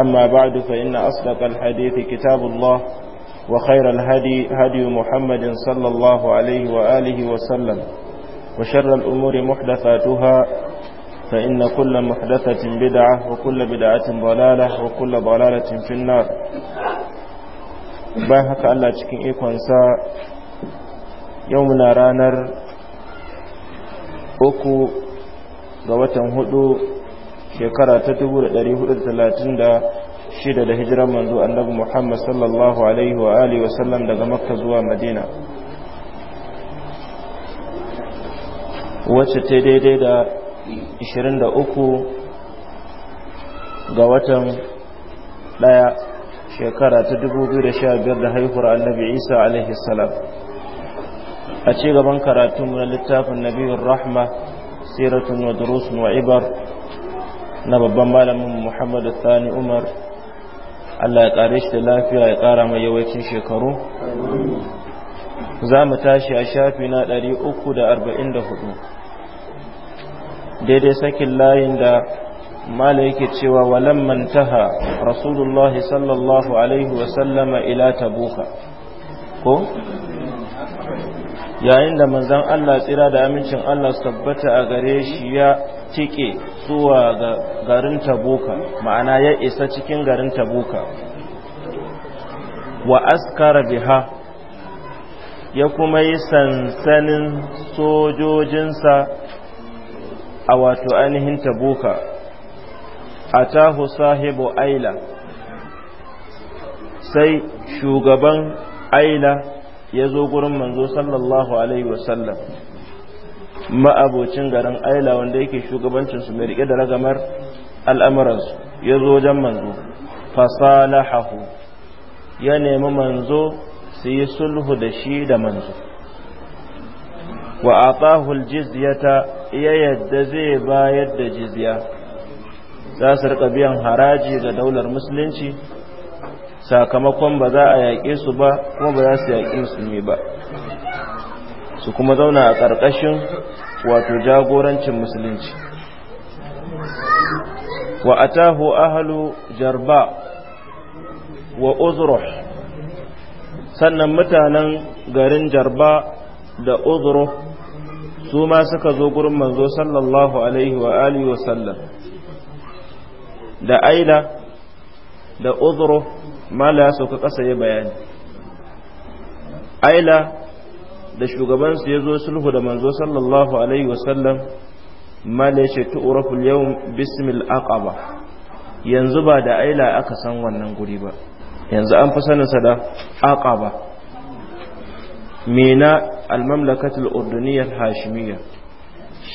أما بعد فإن أصدق الحديث كتاب الله وخير الهدي هدي محمد صلى الله عليه وآله وسلم وشر الأمور محدثاتها فإن كل محدثة بدعة وكل بدعة ضلالة وكل ضلالة في النار باهك الله تكين إيقوانسا يومنا رانر أكو غوة هدو shekara ta 436 da hijiran manzo annabi Muhammad sallallahu alaihi wa alihi wasallam daga Makka zuwa Madina wacce ta daidai da 23 ga watan daya shekara ta 2015 da haihuwar annabi Isa alaihi salam a ci gaban karatunmu na littafin nabiyar rahma siratun wa durusun wa ibar na babban malamin muhammadu sani umar allah ya kare shi da lafiya ya ƙara mai yawancin shekaru za mu tashi a shafi na 344 daidai sakin layin da mala yake cewa walan mantaha rasulullahi sallallahu alaihi wasallama ila tabuka ko yayin da manzan allah tsira da amincin allah su tabbata a gare shi ya tike zuwa ga garin tabuka ma'ana ya isa cikin garin tabuka wa askara biha ya kuma yi sansanin sojojinsa a wato ainihin tabuka a tahu sahibu aila sai shugaban aila ya zo gurin manzo sallallahu alaihi wasallam ma'abocin garin aila wanda yake shugabancin su mai rike da ragamar al'amuransu ya zo wajen manzo fasalahahu ya nemi manzo su yi sulhu da shi da manzo wa atahul ya yadda zai bayar da jizya za su rika biyan haraji ga daular musulunci sakamakon ba za a yaƙe su ba kuma ba za su yaƙe su ne ba su kuma zauna a ƙarƙashin wato jagorancin musulunci wa atahu ahlu jarba wa uzruh sannan mutanen garin jarba da uzruh su ma suka zo gurin manzo sallallahu alaihi wa alihi wa sallam da aila da ma la suka kasa bayani aila da shugabansu ya zo sulhu da manzo sallallahu alaihi wasallam male ce tu'raful yawm bismil aqaba yanzu ba da aila aka san wannan guri ba yanzu an fi sanin sa da aqaba mina al al urduniyya al-hashimiyya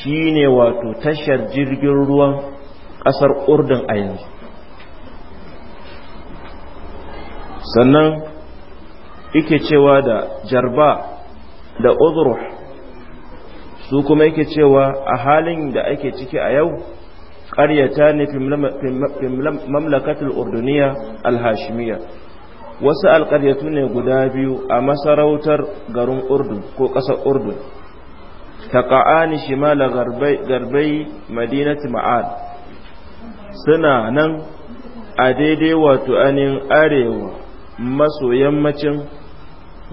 shine wato tashar jirgin ruwan kasar urdun a yanzu sannan yake cewa da jarba da uzru su kuma yake cewa a halin da ake ciki a yau ƙaryata ne fi mamlakatul urduniya alhashimiya wasu alƙaryatu ne guda biyu a masarautar garin Urdu ko ƙasar Urdu. ta ƙa'ani shimala garbai madinati ma'ad suna nan a daidai wato anin arewa maso yammacin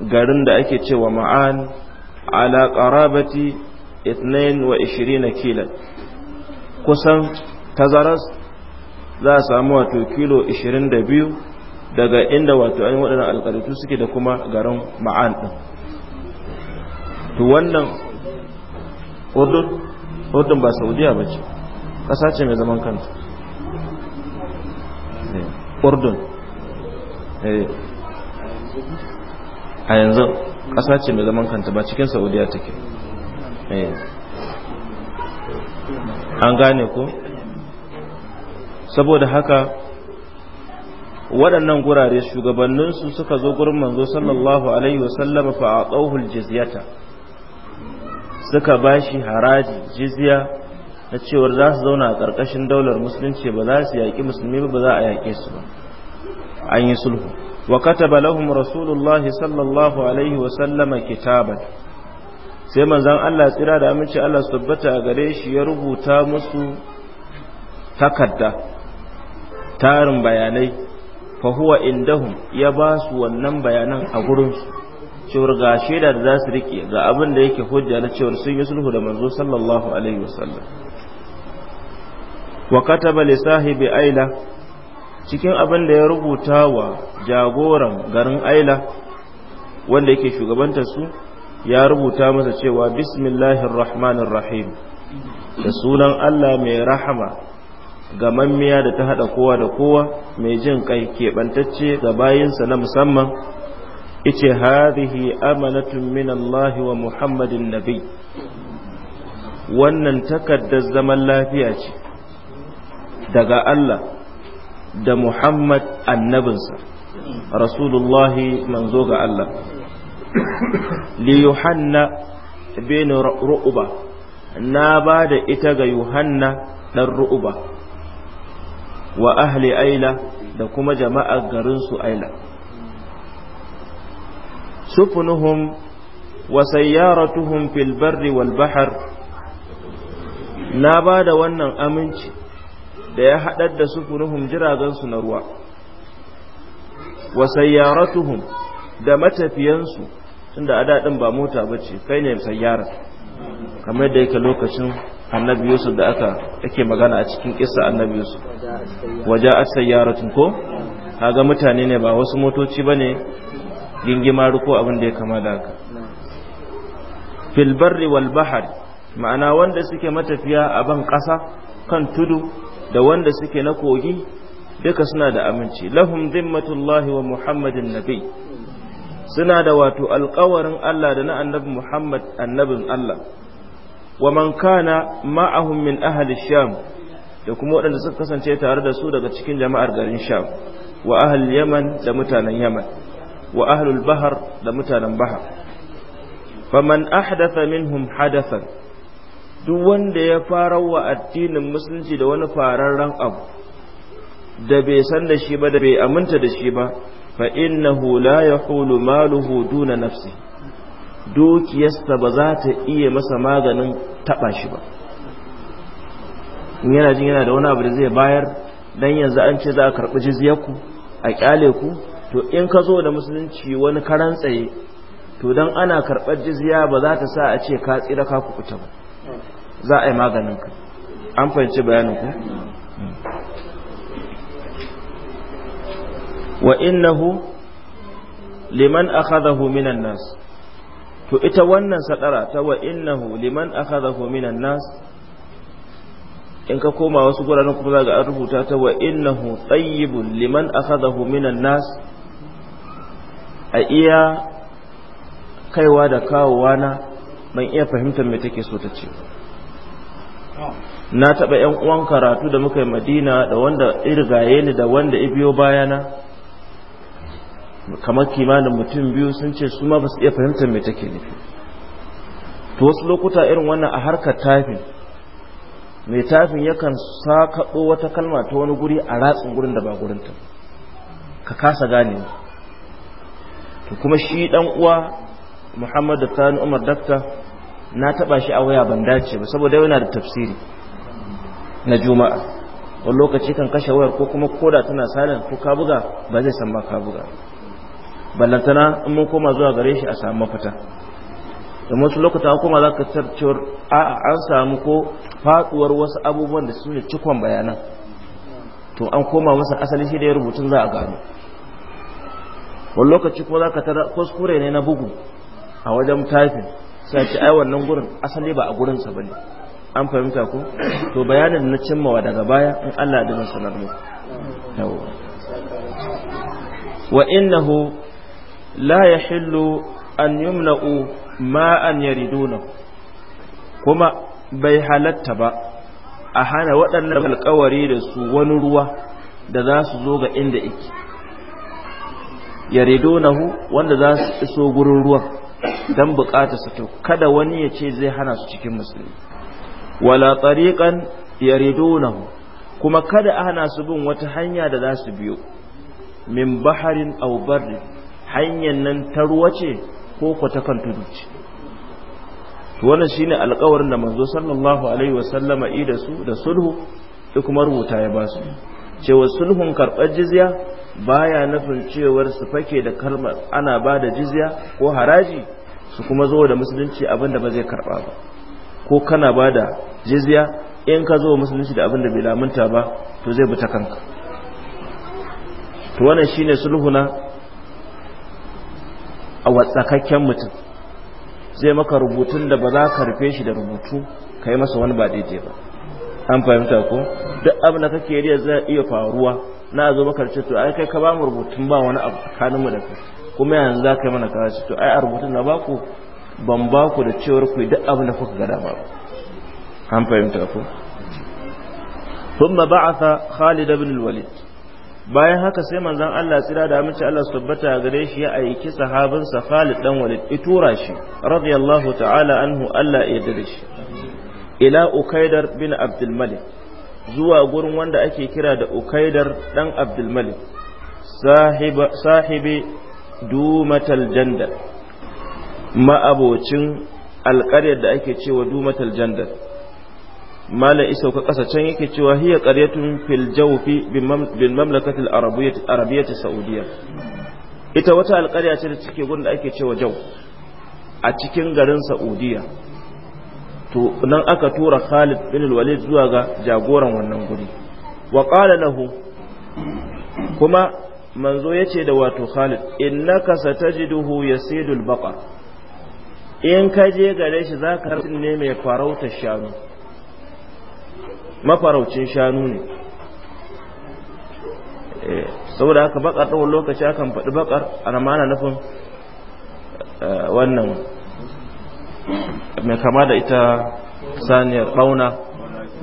garin da ake cewa ma'an ala qarabati 22 kilo kusan tazaras za a samu wato kilo 22 daga inda wato an waɗannan alƙaritu suke da kuma garin ma'an ɗin to wannan urdun ba saudiya ba ce ƙasa ce mai zaman kanta eh, urdun a yanzu ƙasa ce mai zaman kanta ba cikin saudiya take eh. an gane ko saboda haka waɗannan gurare shugabanninsu suka zo gurin manzo sallallahu alaihi wasallama fa a ƙauhul jizyata suka ba shi haraji jiziya na cewar za su zauna a ƙarƙashin daular musulunci ba za su yaƙi musulmi ba ba za a yaƙe su ba an yi sulhu wa kataba lahum rasulullahi sallallahu alaihi wa sallama kitaban sai manzon Allah tsira da aminci Allah tabbata a gare shi ya rubuta musu takarda tarin bayanai fa huwa indahum ya ba su wannan bayanan a su cewar ga shaida da zasu su rike ga abin da yake hujja na cewar sun yi sulhu da manzo sallallahu alaihi wasallam wa kataba li sahibi aila cikin abin da ya rubuta wa jagoran garin aila wanda yake shugabanta su ya rubuta masa cewa bismillahir rahmanir rahim da sunan Allah mai rahama ga mammiya da ta hada kowa da kowa mai jin kai keɓantacce ga bayinsa na musamman ice hadhihi amanatun min Allah wa Muhammadin nabi wannan takaddar zaman lafiya ce daga Allah da Muhammad annabinsa Rasulullahi manzo ga Allah li Yuhanna bin Ru'uba na ba da ita ga Yuhanna dan Ru'uba wa ahli Aila da kuma jama'ar garin su Aila sufunuhum wa sayyaratuhum fil barri wal bahr na ba da wannan aminci da ya haɗar da sufunuhum jiragensu na ruwa wa sayyaratuhum da matafiyansu tunda a daɗin ba mota ba ce kai ne sayyara kamar da yake lokacin annabi yusuf da aka ake magana a cikin kissa annabi yusuf waje a sayyaratun ko kaga mutane ne ba wasu motoci ba ne gingima ko abin da ya kama da haka fil wal bahari ma'ana wanda suke matafiya a ban ƙasa kan tudu da wanda suke na kogi duka suna da aminci lahum zimmatullahi wa muhammadin nabi suna da wato alkawarin Allah da na annabi Muhammad annabin Allah wa man kana ma'ahum min ahli sham da kuma waɗanda suka kasance tare da su daga cikin jama'ar garin sham wa ahli yaman da mutanen yaman wa ahlul bahar da mutanen bahar faman ahdatha minhum hadathan duk wanda ya fara wa addinin musulunci da wani fararren abu da bai san da shi ba da bai aminta da shi ba fa innahu la yahulu maluhu duna nafsi dukiyarsa ba za ta iya masa maganin taba shi ba in yana jin yana da wani abu da zai bayar dan yanzu an ce za a karɓi jiziyar ku a kyale ku to in ka zo da musulunci wani karan tsaye to dan ana karɓar jizya ba za ta sa a ce ka tsira ka kukuta ba za a yi maganin ku, an fahimci bayanin ku wa innahu liman akhadahu minan nas to ita wannan sadara ta wa innahu liman akhadahu minan nas in ka koma wasu guraren kuma za ga an rubuta ta wa innahu tayyibun liman akhadahu minan nas a iya kaiwa da kawowa na ban iya fahimtar me take so ta ce na taɓa yan uwan karatu da muka yi madina da wanda irgaye ni da wanda ibiyo bayana kamar kimanin mutum biyu sun ce su ma ba su iya fahimtar mai take nufi to wasu lokuta irin wannan a harkar tafin mai tafin yakan sa sakaɗo wata kalma ta wani guri a ratsin gurin da ba gurinta ka kasa gane to kuma shi dan uwa Muhammadu Sani umar dakta na taba shi a waya ban dace ba saboda yana da tafsiri na juma'a wani lokaci kan kashe wayar ko kuma koda tana salin ko ka buga ba zai san ma ka buga ballantana in mun koma zuwa gare shi a samu mafita da wasu lokuta kuma za ka tarcewar a an samu ko faduwar wasu abubuwan da su ne cikon bayanan to an koma masa asali shi da ya rubutun za a gano wani lokaci kuma za tara kuskure ne na bugu a wajen tafin sai ce ai wannan gurin asali ba a gurin sa bane an fahimta ko to bayanin na cimmawa daga baya in Allah da zan sanar mu. wa innahu la yahillu an yumna'u an yariduna kuma bai halatta ba a hana waɗannan alkawari da su wani ruwa da za su zo ga inda yake yaridonahu wanda za su iso gurin ruwan dan bukata su to kada wani ya ce zai hana su cikin musulmi wala tariqan yaridunahu kuma kada a hana su bin wata hanya da za su biyo min baharin aw hanyar nan ta ruwa ce ko ko kan tudu ce to wannan shine alƙawarin da manzo sallallahu alaihi wasallama idasu da sulhu da kuma rubuta ya ba su cewa sulhun karɓar jizya baya nufin cewar su fake da kalmar ana ba da jizya ko haraji su kuma zo da musulunci abin da ba zai karba ba ko kana ba da jizya in ka zo musulunci da abin da bai lamunta ba to zai bi ta kanka to wannan shine sulhuna a watsakakken mutum zai maka rubutun da ba za ka rufe shi da rubutu ka yi masa wani ba daidai ba an fahimta ko duk abin da kake iya faruwa na abubakar ce to ai kai ka ba mu rubutun ba wani abu tsakanin mu da kai kuma yanzu za ka yi mana kaza to ai a rubutun na baku ban baku da cewar ku duk abin da kuka ga dama ba an fahimta ku ثم بعث خالد بن walid bayan haka sai manzon Allah tsira da amince Allah su tabbata gare shi ya aiki sahabinsa Khalid dan Walid itura shi radiyallahu ta'ala anhu Allah ya yarda da shi ila Ukaidar bin Abdul Malik zuwa gurin wanda ake kira da ukaidar ɗan abdulmalik sahibi dumatal jandal ma'abocin alƙaryar da ake cewa dumatal jandal mala isa ka ƙasa can yake cewa hiya ƙaryatun fil jawfi bin mamlakatil arabiyyati saudiya ita wata alƙarya ce da take gurin da ake cewa jaw a cikin garin Saudiyya. to nan aka tura Khalid bin Walid zuwa ga jagoran wannan guri wa qala lahu kuma manzo yace da wato Khalid innaka satajiduhu yasidul baqar in ka je gare shi zaka rin ne mai farautar shanu mafaraucin shanu ne eh, saboda haka bakar ɗaukar lokaci akan faɗi bakar a ramana nufin eh, wannan mai kama da ita saniyar bauna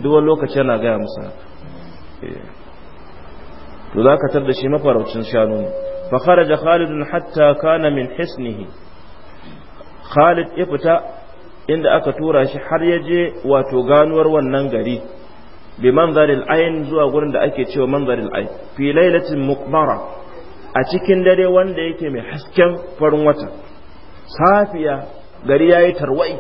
duk lokaci yana gaya musa eh. to za ka tar da shi mafaraucin shanu ne fa kharaja khalidun hatta kana min hisnihi khalid ya fita inda aka tura shi har ya je wato ganuwar wannan gari bi manzaril ayn zuwa gurin da ake cewa manzaril ayn fi lailatin mukbara a cikin dare wanda yake mai hasken farin wata safiya gari ya yi tarwai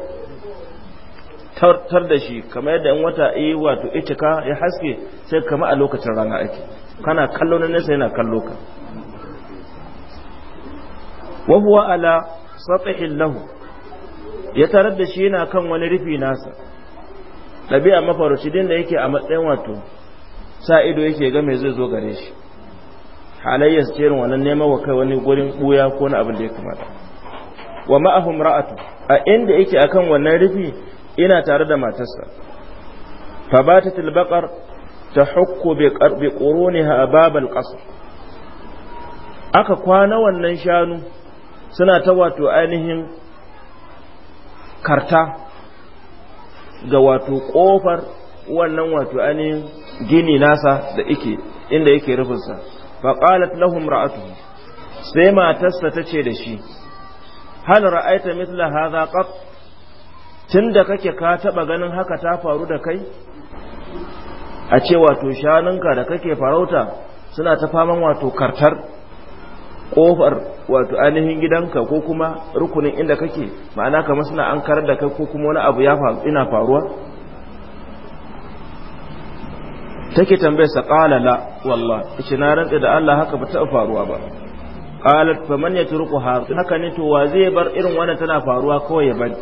tar da shi kamar yadda in wata yi wato itika ya haske sai kama a lokacin rana ake kana kallo na nesa yana kallo ka wahuwa ala satsahin lahu ya tarar da shi yana kan wani rufi nasa ɗabi'a mafarauci din da yake a matsayin wato sa ido yake ga mai zai zo gare shi su cerin wannan neman wa kai wani gurin ɓuya ko na abin da ya kamata wa ma'ahum ra'atu a inda yake akan wannan rufi ina tare da matarsa fabatatul baqar hukku bi qarbi quruniha babal qasr aka kwana wannan shanu suna ta wato ainihin karta ga wato kofar wannan wato ainihin gini nasa da yake inda yake rufinsa faqalat lahum ra'atuhu sai matarsa tace da shi hal ra'aita mithla hadha qat tunda kake ka taba ganin haka ta faru da kai a ce wato shanunka da kake farauta suna ta faman wato kartar kofar wato ainihin gidanka ko kuma rukunin inda kake ma'ana kamar suna an karar da kai ko kuma wani abu ya faru ina faruwa take tambayar sa qala la wallahi na rantsa da Allah haka ba ta faruwa ba qalat faman yatruquha haka ne to wa zai bar irin wannan tana faruwa kawai ya bari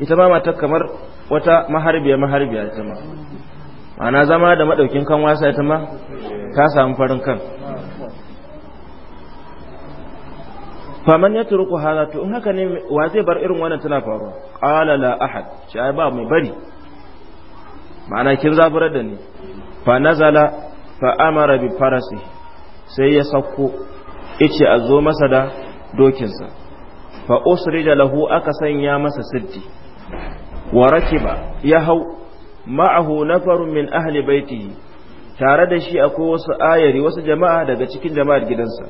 ita ma mata kamar wata maharbiya maharbiya ita ma ana zama da madaukin kan wasa ita ma ta samu farin kan faman yatruqu hadha to in haka ne wa zai bar irin wannan tana faruwa qala la ahad shi ai ba mai bari ma'ana kin zaburar da ni fa nazala fa amara bi farasi sai ya sauko. ice a zo masa da dokinsa fa usrija lahu aka sanya masa siddi wa rakiba ya hau ma'ahu nafarun min ahli baitihi tare da shi akwai wasu ayari wasu jama'a daga cikin jama'ar gidansa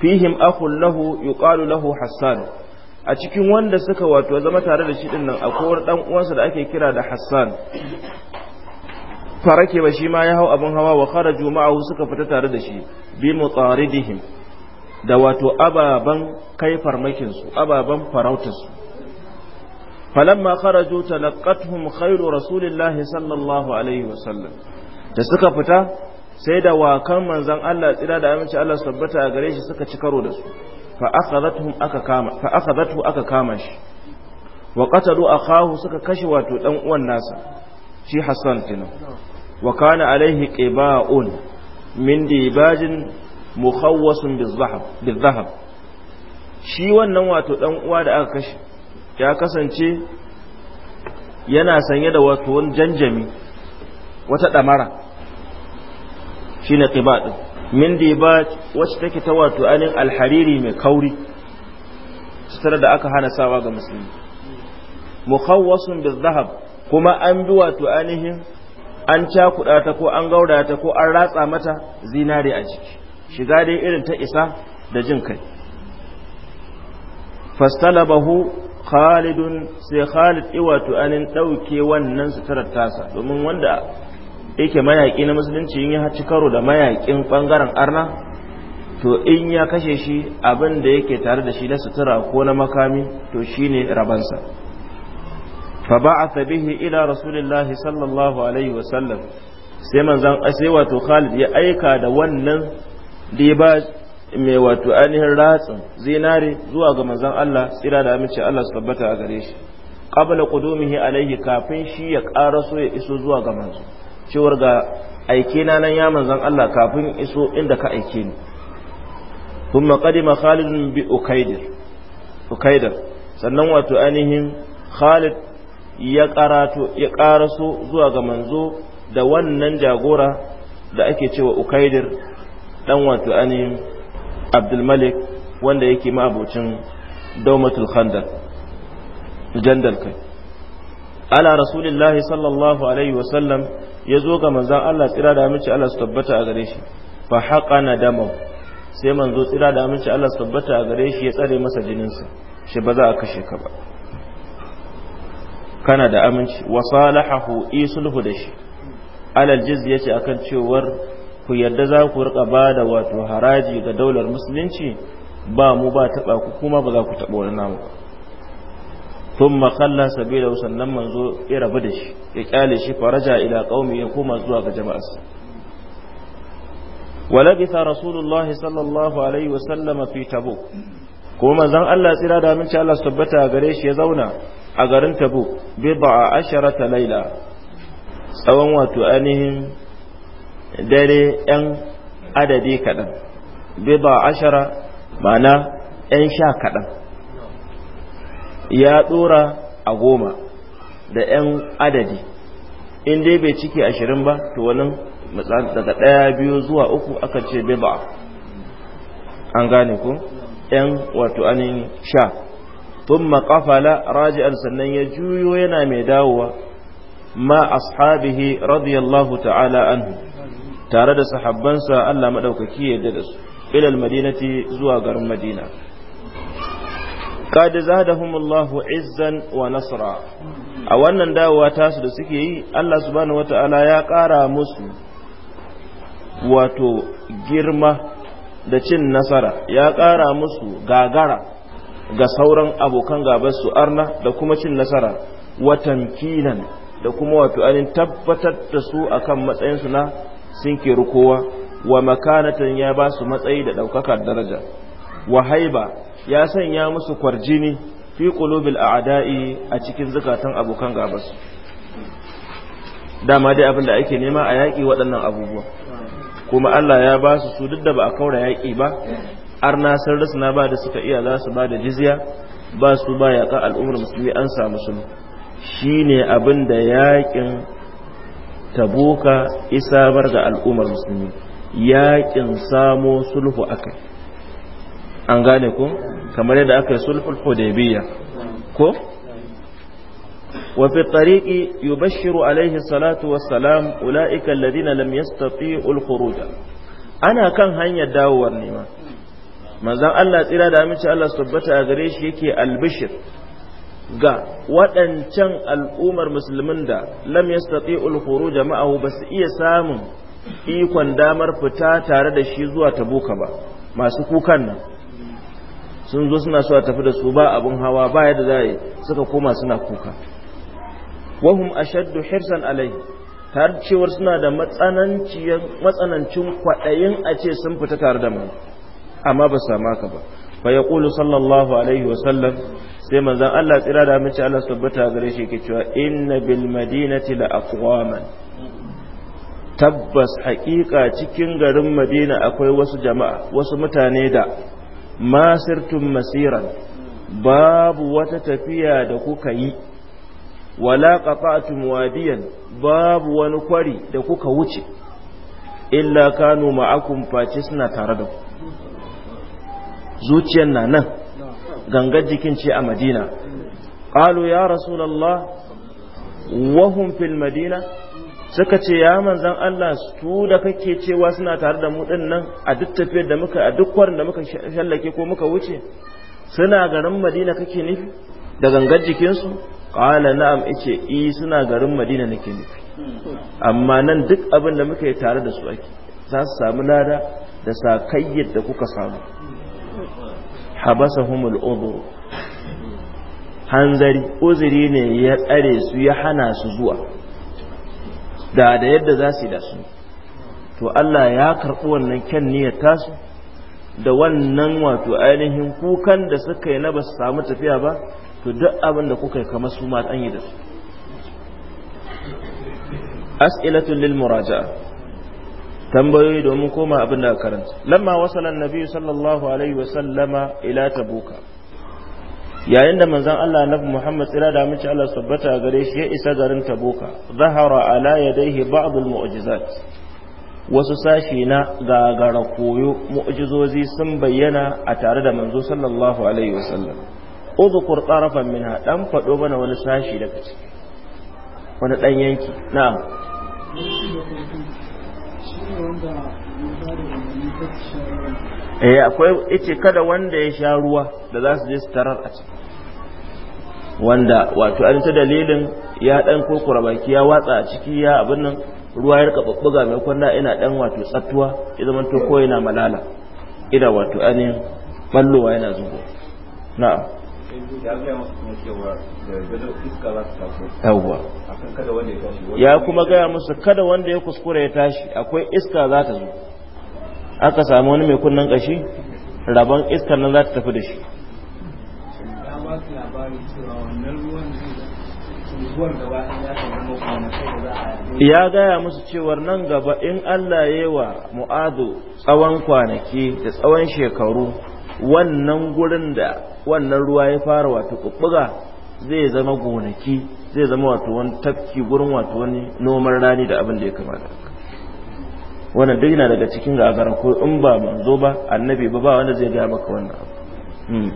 fihim akhul lahu yuqalu lahu hassan a cikin wanda suka wato zama tare da shi dinnan akwai wani dan uwansa da ake kira da hassan farake ba shi ma ya hau abin hawa wa kharaju ma'ahu suka fita tare da shi bi mutaridihim da wato ababen kai farmakinsu ababen farautarsu falamma kharaju talaqathum khairu rasulillahi sallallahu alaihi wasallam da suka fita sai da wakan manzon Allah tsira da aminci Allah tabbata a gare shi suka ci karo da su fa akhadathum aka kama fa akhadathu aka kama shi wa qatalu akahu suka kashe wato dan uwan nasa shi Hassan tinu wa kana alaihi qiba'un min dibajin mukhawwasun bizahab shi wannan wato dan uwa da aka kashe ya kasance yana sanye da wato wani janjami wata damara shine qiba min dibat wacce take ta wato anin alhariri mai kauri sutura da aka hana sawa ga musulmi mukhawwasun bizahab kuma an bi wato anihin an cakuɗa ta ko an gaurata ta ko an ratsa mata zinare a ciki shiga dai irin ta isa da jin kai fastalabahu khalidun sai khalid iwatu anin ɗauke wannan suturar tasa domin wanda yake mayaƙi na musulunci in ya haci karo da mayaƙin ɓangaren arna to in ya kashe shi abin da yake tare da shi na sutura ko na makami to shine rabansa fa ba'atha bihi ila rasulillahi sallallahu alaihi wasallam sai manzan sai wato Khalid ya aika da wannan da ba mai wato ainihin ratsin zinare zuwa ga manzon Allah tsira da amince Allah su tabbata a gare shi qabla qudumihi alaihi kafin shi ya karaso ya iso zuwa ga manzo cewar ga aike na nan ya manzon Allah kafin iso inda ka aike ni thumma qadima Khalid bi Ukaidar sannan wato ainihin Khalid ya karato ya karaso zuwa ga manzo da wannan jagora da ake cewa Ukaidir dan wato anin abdulmalik wanda yake ma'abocin daumatul khandar jandal kai ala rasulillahi sallallahu alaihi wasallam ya zo ga manzan Allah tsira da aminci Allah su tabbata a gare shi fa na damau sai manzo tsira da aminci Allah su tabbata a gare shi ya tsare masa jininsa shi ba za a kashe ka ba kana da aminci wa salahahu isulhu da shi alal jiz ce akan cewar ku yadda za ku rika ba da wato haraji ga daular musulunci ba mu ba taɓa ku kuma ba za ku taɓa wani namu ba tun makalla sabi da sannan manzo ya rabu da shi ya kyale shi faraja ila ƙaumi ya koma zuwa ga jama'arsa walabisa rasulullahi sallallahu alaihi wasallama fi tabo kuma manzan Allah tsira da aminci Allah su tabbata gare shi ya zauna a garin tabo bi ba a ashara laila tsawon wato ainihin dare yan adadi kaɗan biba ashara ma'ana yan sha kaɗan ya ɗora a goma da yan adadi in dai bai ciki ashirin ba to wannan daga ɗaya biyu zuwa uku aka ce biba an gane ku yan wato anin sha tun makafala raji'ar sannan ya juyo yana mai dawowa ma ashabihi radiyallahu ta'ala anhu tare da sahabbansa Allah maɗaukaki ya da su ilal madinati zuwa garin madina kad zadahumullahu izzan wa nasra a wannan dawowa tasu da suke yi Allah subhanahu wataala ya ƙara musu wato girma da cin nasara ya ƙara musu gagara ga sauran abokan su arna da kuma cin nasara watan kilan da kuma wato ainihin tabbatar da su akan matsayinsu na sun keri kowa wa makanatan ya ba su matsayi da ɗaukaka daraja wa haiba ya sanya musu kwarjini fi a a'da'i a cikin zukatan abokan gabas dama dai abin da ake nema a yaƙi waɗannan abubuwa kuma Allah ya ba su su duk da ba a kaura yaƙi ba arna sun rasna ba da suka iya za su ba da jizya ba su ba yaƙa al'ummar musulmi an samu sulhu shine abin da yaƙin Ta buka isabar ga al'ummar musulmi yaƙin samo sulhu akai an gane ko kamar yadda aka yi sulhul hudaybiyya ko وفي الطريق يبشر عليه الصلاة والسلام أولئك الذين لم يستطيعوا الخروج أنا كان هنيا داور نيما manzon Allah tsira da aminci Allah su tabbata a gare shi yake albishir ga waɗancan al'ummar musulmin da lam yastati'ul khuruj jama'ahu ba su iya samun ikon damar fita tare da shi zuwa tabuka ba masu kukan nan sun zo suna so tafi da su ba abin hawa ba yadda za yi suka koma suna kuka wahum ashaddu hirsan alai har cewar suna da matsanancin kwaɗayin a ce sun fita tare da mu amma ba su sama ka ba fa yaqulu sallallahu alaihi wa sallam sai manzon Allah tsira da amince Allah tabbata gare shi yake cewa inna bil madinati la aqwaman tabbas haƙiƙa cikin garin Madina akwai wasu jama'a wasu mutane da masirtum masiran babu wata tafiya da kuka yi wala qata'tum wadiyan babu wani kwari da kuka wuce illa kanu ma'akum face suna tare da ku zuciyar na nan gangar jikin ce a madina ƙalu ya rasu wa fil madina suka ce ya manzan Allah su da kake cewa suna tare da mu dannan nan a duk tafiyar da muka a duk kwarin da muka shallake ko muka wuce suna garin madina kake nufi da gangar jikinsu ƙala na'am ice i e, suna garin madina nake nufi amma nan duk abin da muka yi tare da su ake za su samu lada da sakayyar da kuka samu humul udhur hanzari uzuri ne ya tsare su ya hana su zuwa da da yadda za su da su to Allah ya karɓi wannan kyan niyyar tasu da wannan wato ainihin kukan da suka yi na ba samu tafiya ba to duk abin da kuka yi kamar su ma an yi da su as'ilatul lil muraja'a tambayoyi domin koma abin da karanta lamma wasalan nabi sallallahu alaihi wasallama ila tabuka yayin da manzon Allah annabi Muhammad tsira da mace Allah sabbata gare shi ya isa garin tabuka zahara ala yadayhi ba'd al mu'jizat wasu sashi na gagara koyo mu'jizozi sun bayyana a tare da manzo sallallahu alaihi wasallam udhkur tarafan minha dan fado mana wani sashi daga ciki wani dan yanki na'am eh akwai ice kada wanda ya sha ruwa da za su je su tarar a ciki wanda wato an ta dalilin ya dan kurkura baki ya watsa a ciki ya abin nan ruwa ya rika mai kwanna ina dan wato tsattuwa ya zama to ko yana malala ina wato anin ballowa yana zubo na'am ya kuma gaya musu kada wanda ya kuskura ya tashi akwai iska za ta zo aka samu wani mai kunnen kashi rabon iskar nan za ta tafi da shi ya gaya musu cewar nan gaba in Allah yi wa mu'adu tsawon kwanaki da tsawon shekaru wannan gurin da wannan ruwa ya fara wato kubbuga zai zama gonaki zai zama wato wani tafki gurin wato wani noman rani da abin da ya kamata wannan duk yana daga cikin gagara ko in ba manzo ba annabi ba ba wanda zai gaya maka wannan abu hmm.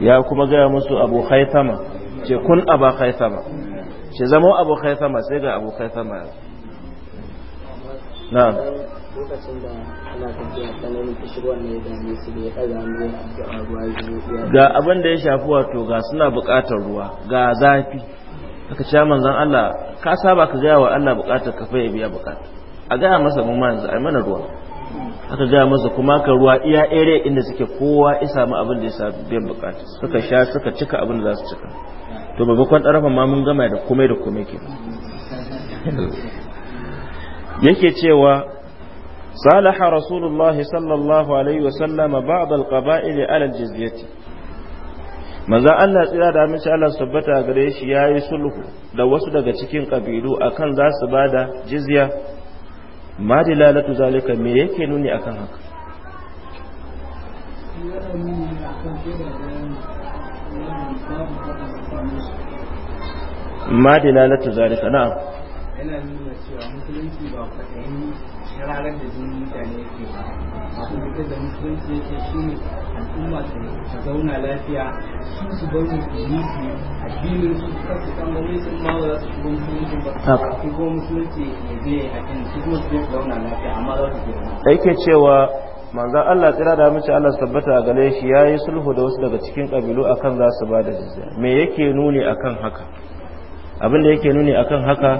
ya kuma gaya musu abu haithama ce kun abu haithama hmm. ce zama abu haithama sai ga abu yanzu. na'am da tafiya da su ɗaga ga abin da ya shafi wato ga suna buƙatar ruwa ga zafi aka ce manzan Allah ka saba ka gaya wa Allah buƙatar ka ya biya buƙata a gaya masa mu ma yanzu ai mana ruwa aka gaya masa kuma ka ruwa iya ere inda suke kowa ya samu abin da ya sa biyan buƙata suka sha suka cika abin da za su cika to babakon ɗarafan ma mun gama da komai da komai kenan yake cewa salaha rasulullah sallallahu alaihi wasallama ba'd al-qaba'il ala al-jizyati Maza Allah tsira da mace Allah sabbata gare shi yayi sulhu da wasu daga cikin kabilu akan za su bada jizya ma dilalatu zalika me yake nuni akan haka ma dilalatu zalika na'am yana nuna cewa musulunci ba kwaɗayin shirarar da jini mutane yake ba abin da da musulunci yake shi ne al'umma ta zauna lafiya su su bar su su addinin su kasu kan gwamnati sun ma ba za su shigo musulunci ba su kuma musulunci ya a kan su kuma su zai zauna lafiya amma za su je yake cewa manzan Allah tsira da mace Allah tabbata a gare shi ya yi sulhu da wasu daga cikin ƙabilu akan za su ba da jizya me yake nuni akan haka abin da yake nuni akan haka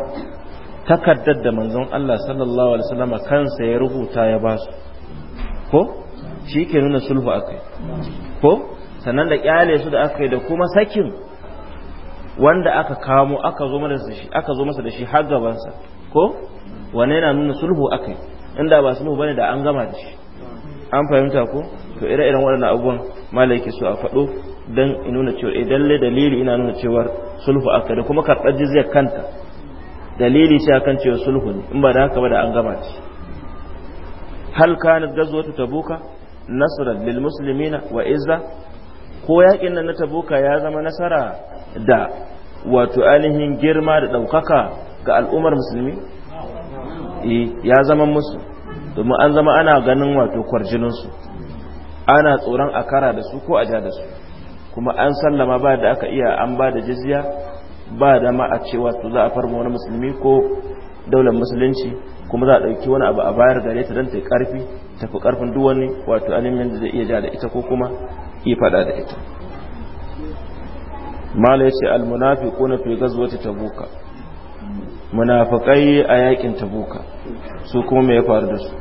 takardar da manzon Allah sallallahu alaihi wasallam kansa ya rubuta ya basu ko shi ke nuna sulhu akai ko sannan da kyale su da aka yi da kuma sakin wanda aka kamo aka zo masa da shi aka zo masa da shi har sa ko wane yana nuna sulhu akai inda ba sulhu bane da an gama da shi an fahimta ko to ire-iren waɗannan abubuwan malaiki su a faɗo don nuna cewa eh, idan dalili ina nuna cewa sulhu akai da kuma karɓar jizyar kanta dalili ce akan cewa sulhu ne in ba da haka ba da an gama ce hal kanat gazwatu tabuka nasran lil muslimina wa izza ko yakin nan na tabuka ya zama nasara da wato alihin girma da daukaka ga al'ummar musulmi eh, ya zama musu domin an zama ana ganin wato kwarjininsu ana tsoron a kara da su ko a ja da su kuma an sallama ba da aka iya an ba da jizya ba dama a cewa su za a farma wani musulmi ko daular musulunci kuma za a ɗauki wani abu a bayar gare ta don ta yi ƙarfi ta fi ƙarfin duwani wato alimin da zai iya ja da ita ko kuma iya faɗa da ita mala ya ce almunafiquna fi ghazwati tabuka munafiqai a yakin tabuka su kuma me ya faru da su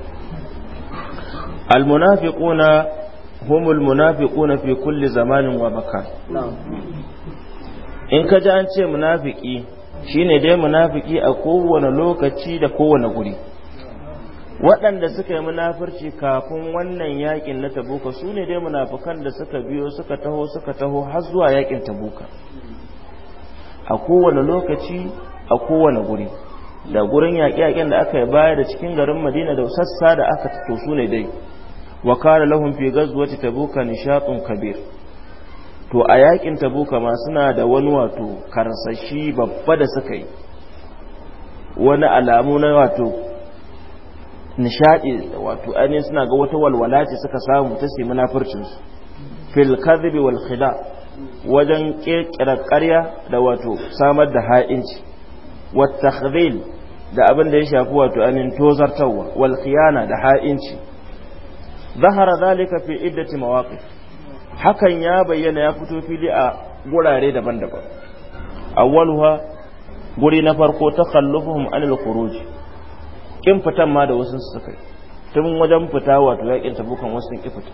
almunafiquna humul munafiquna fi kulli zamanin wa makan in ka ji an ce munafiki shine dai munafiki a kowane lokaci da kowane guri waɗanda suka yi munafurci kafin wannan yakin na tabuka su ne dai munafukan da suka biyo suka taho suka taho har zuwa yakin tabuka a kowane lokaci a kowane guri da gurin yaƙe-yaƙen da aka yi baya da cikin garin madina da sassa da aka to su ne dai wa kare lahun fi gazuwa tabuka nishaɗin kabir to a yakin tabuka ma suna da wani wato karsashi babba da suka yi wani alamu na wato nishadi wato ainihin suna ga wata walwala ce suka samu ta sai munafurcinsu fil kadhibi wal wajen kirkira ƙarya da wato samar da ha'inci wat da abin da ya shafi wato anin tozartawa wal khiyana da ha'inci zahara zalika fi iddati mawaqif hakan ya bayyana ya fito fili a gurare daban-daban awwaluha guri na farko ta kallufuhum anil khuruj kin fitan ma da wasu su kai tun wajen fita wato kin tabukan wasu kin fita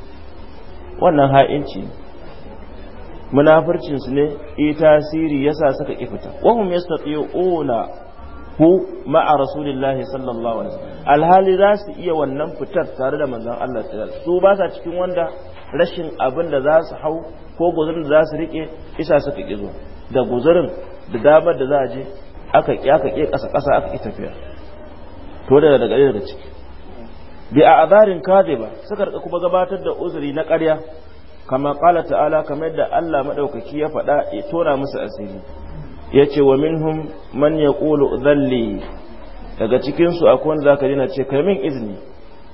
wannan ha'inci munafircin su ne e tasiri yasa suka kifita wa hum yastati'una hu ma'a rasulillahi sallallahu alaihi wasallam alhali za su iya wannan fitar tare da manzon Allah sallallahu alaihi wasallam su ba sa cikin wanda rashin abin da za su hau ko guzurin da za su rike isa suka ƙi zo da guzurin da damar da za a je aka ƙi aka ƙi ƙasa ƙasa aka ƙi tafiya to da daga ɗaya daga ciki bi a azarin kaze ba suka rika kuma gabatar da uzuri na ƙarya kama ƙala ta'ala kamar yadda Allah maɗaukaki ya faɗa ya tona musu asiri ya ce wa minhum man ya ƙulu zalli daga cikinsu akwai wanda za ka dina ce kai min izini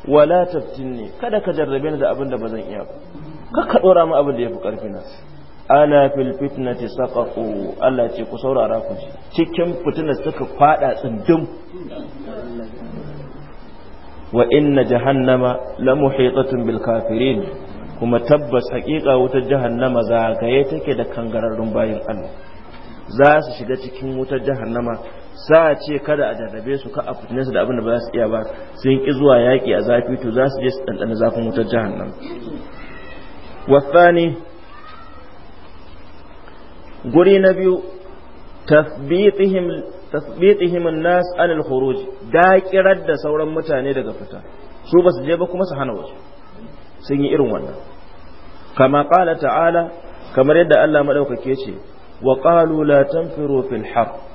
wala taftinni kada ka jarrabe ni da abin da bazan iya ba kakka dora mu abin da yafi karfi na Ana fil fitnati saqaqu Allah ce ku saurara ku cikin fitinar suka fada tsindin wa inna jahannama la muhitatun bil kafirin kuma tabbas hakika wutar jahannama zagaye take da kangararrun bayin Allah za su shiga cikin wutar jahannama sa ce kada a jarrabe su ka a da abin da ba su iya ba sun ki zuwa yaƙi a zafi to za su je su ɗanɗana zafin wutar jahannan. wasani guri na biyu tasbitihim nas anil khuruj daƙirar da sauran mutane daga fita su ba su je ba kuma su hana wasu sun yi irin wannan kama qala ta'ala kamar yadda Allah madaukake ce wa qalu la tanfiru fil harb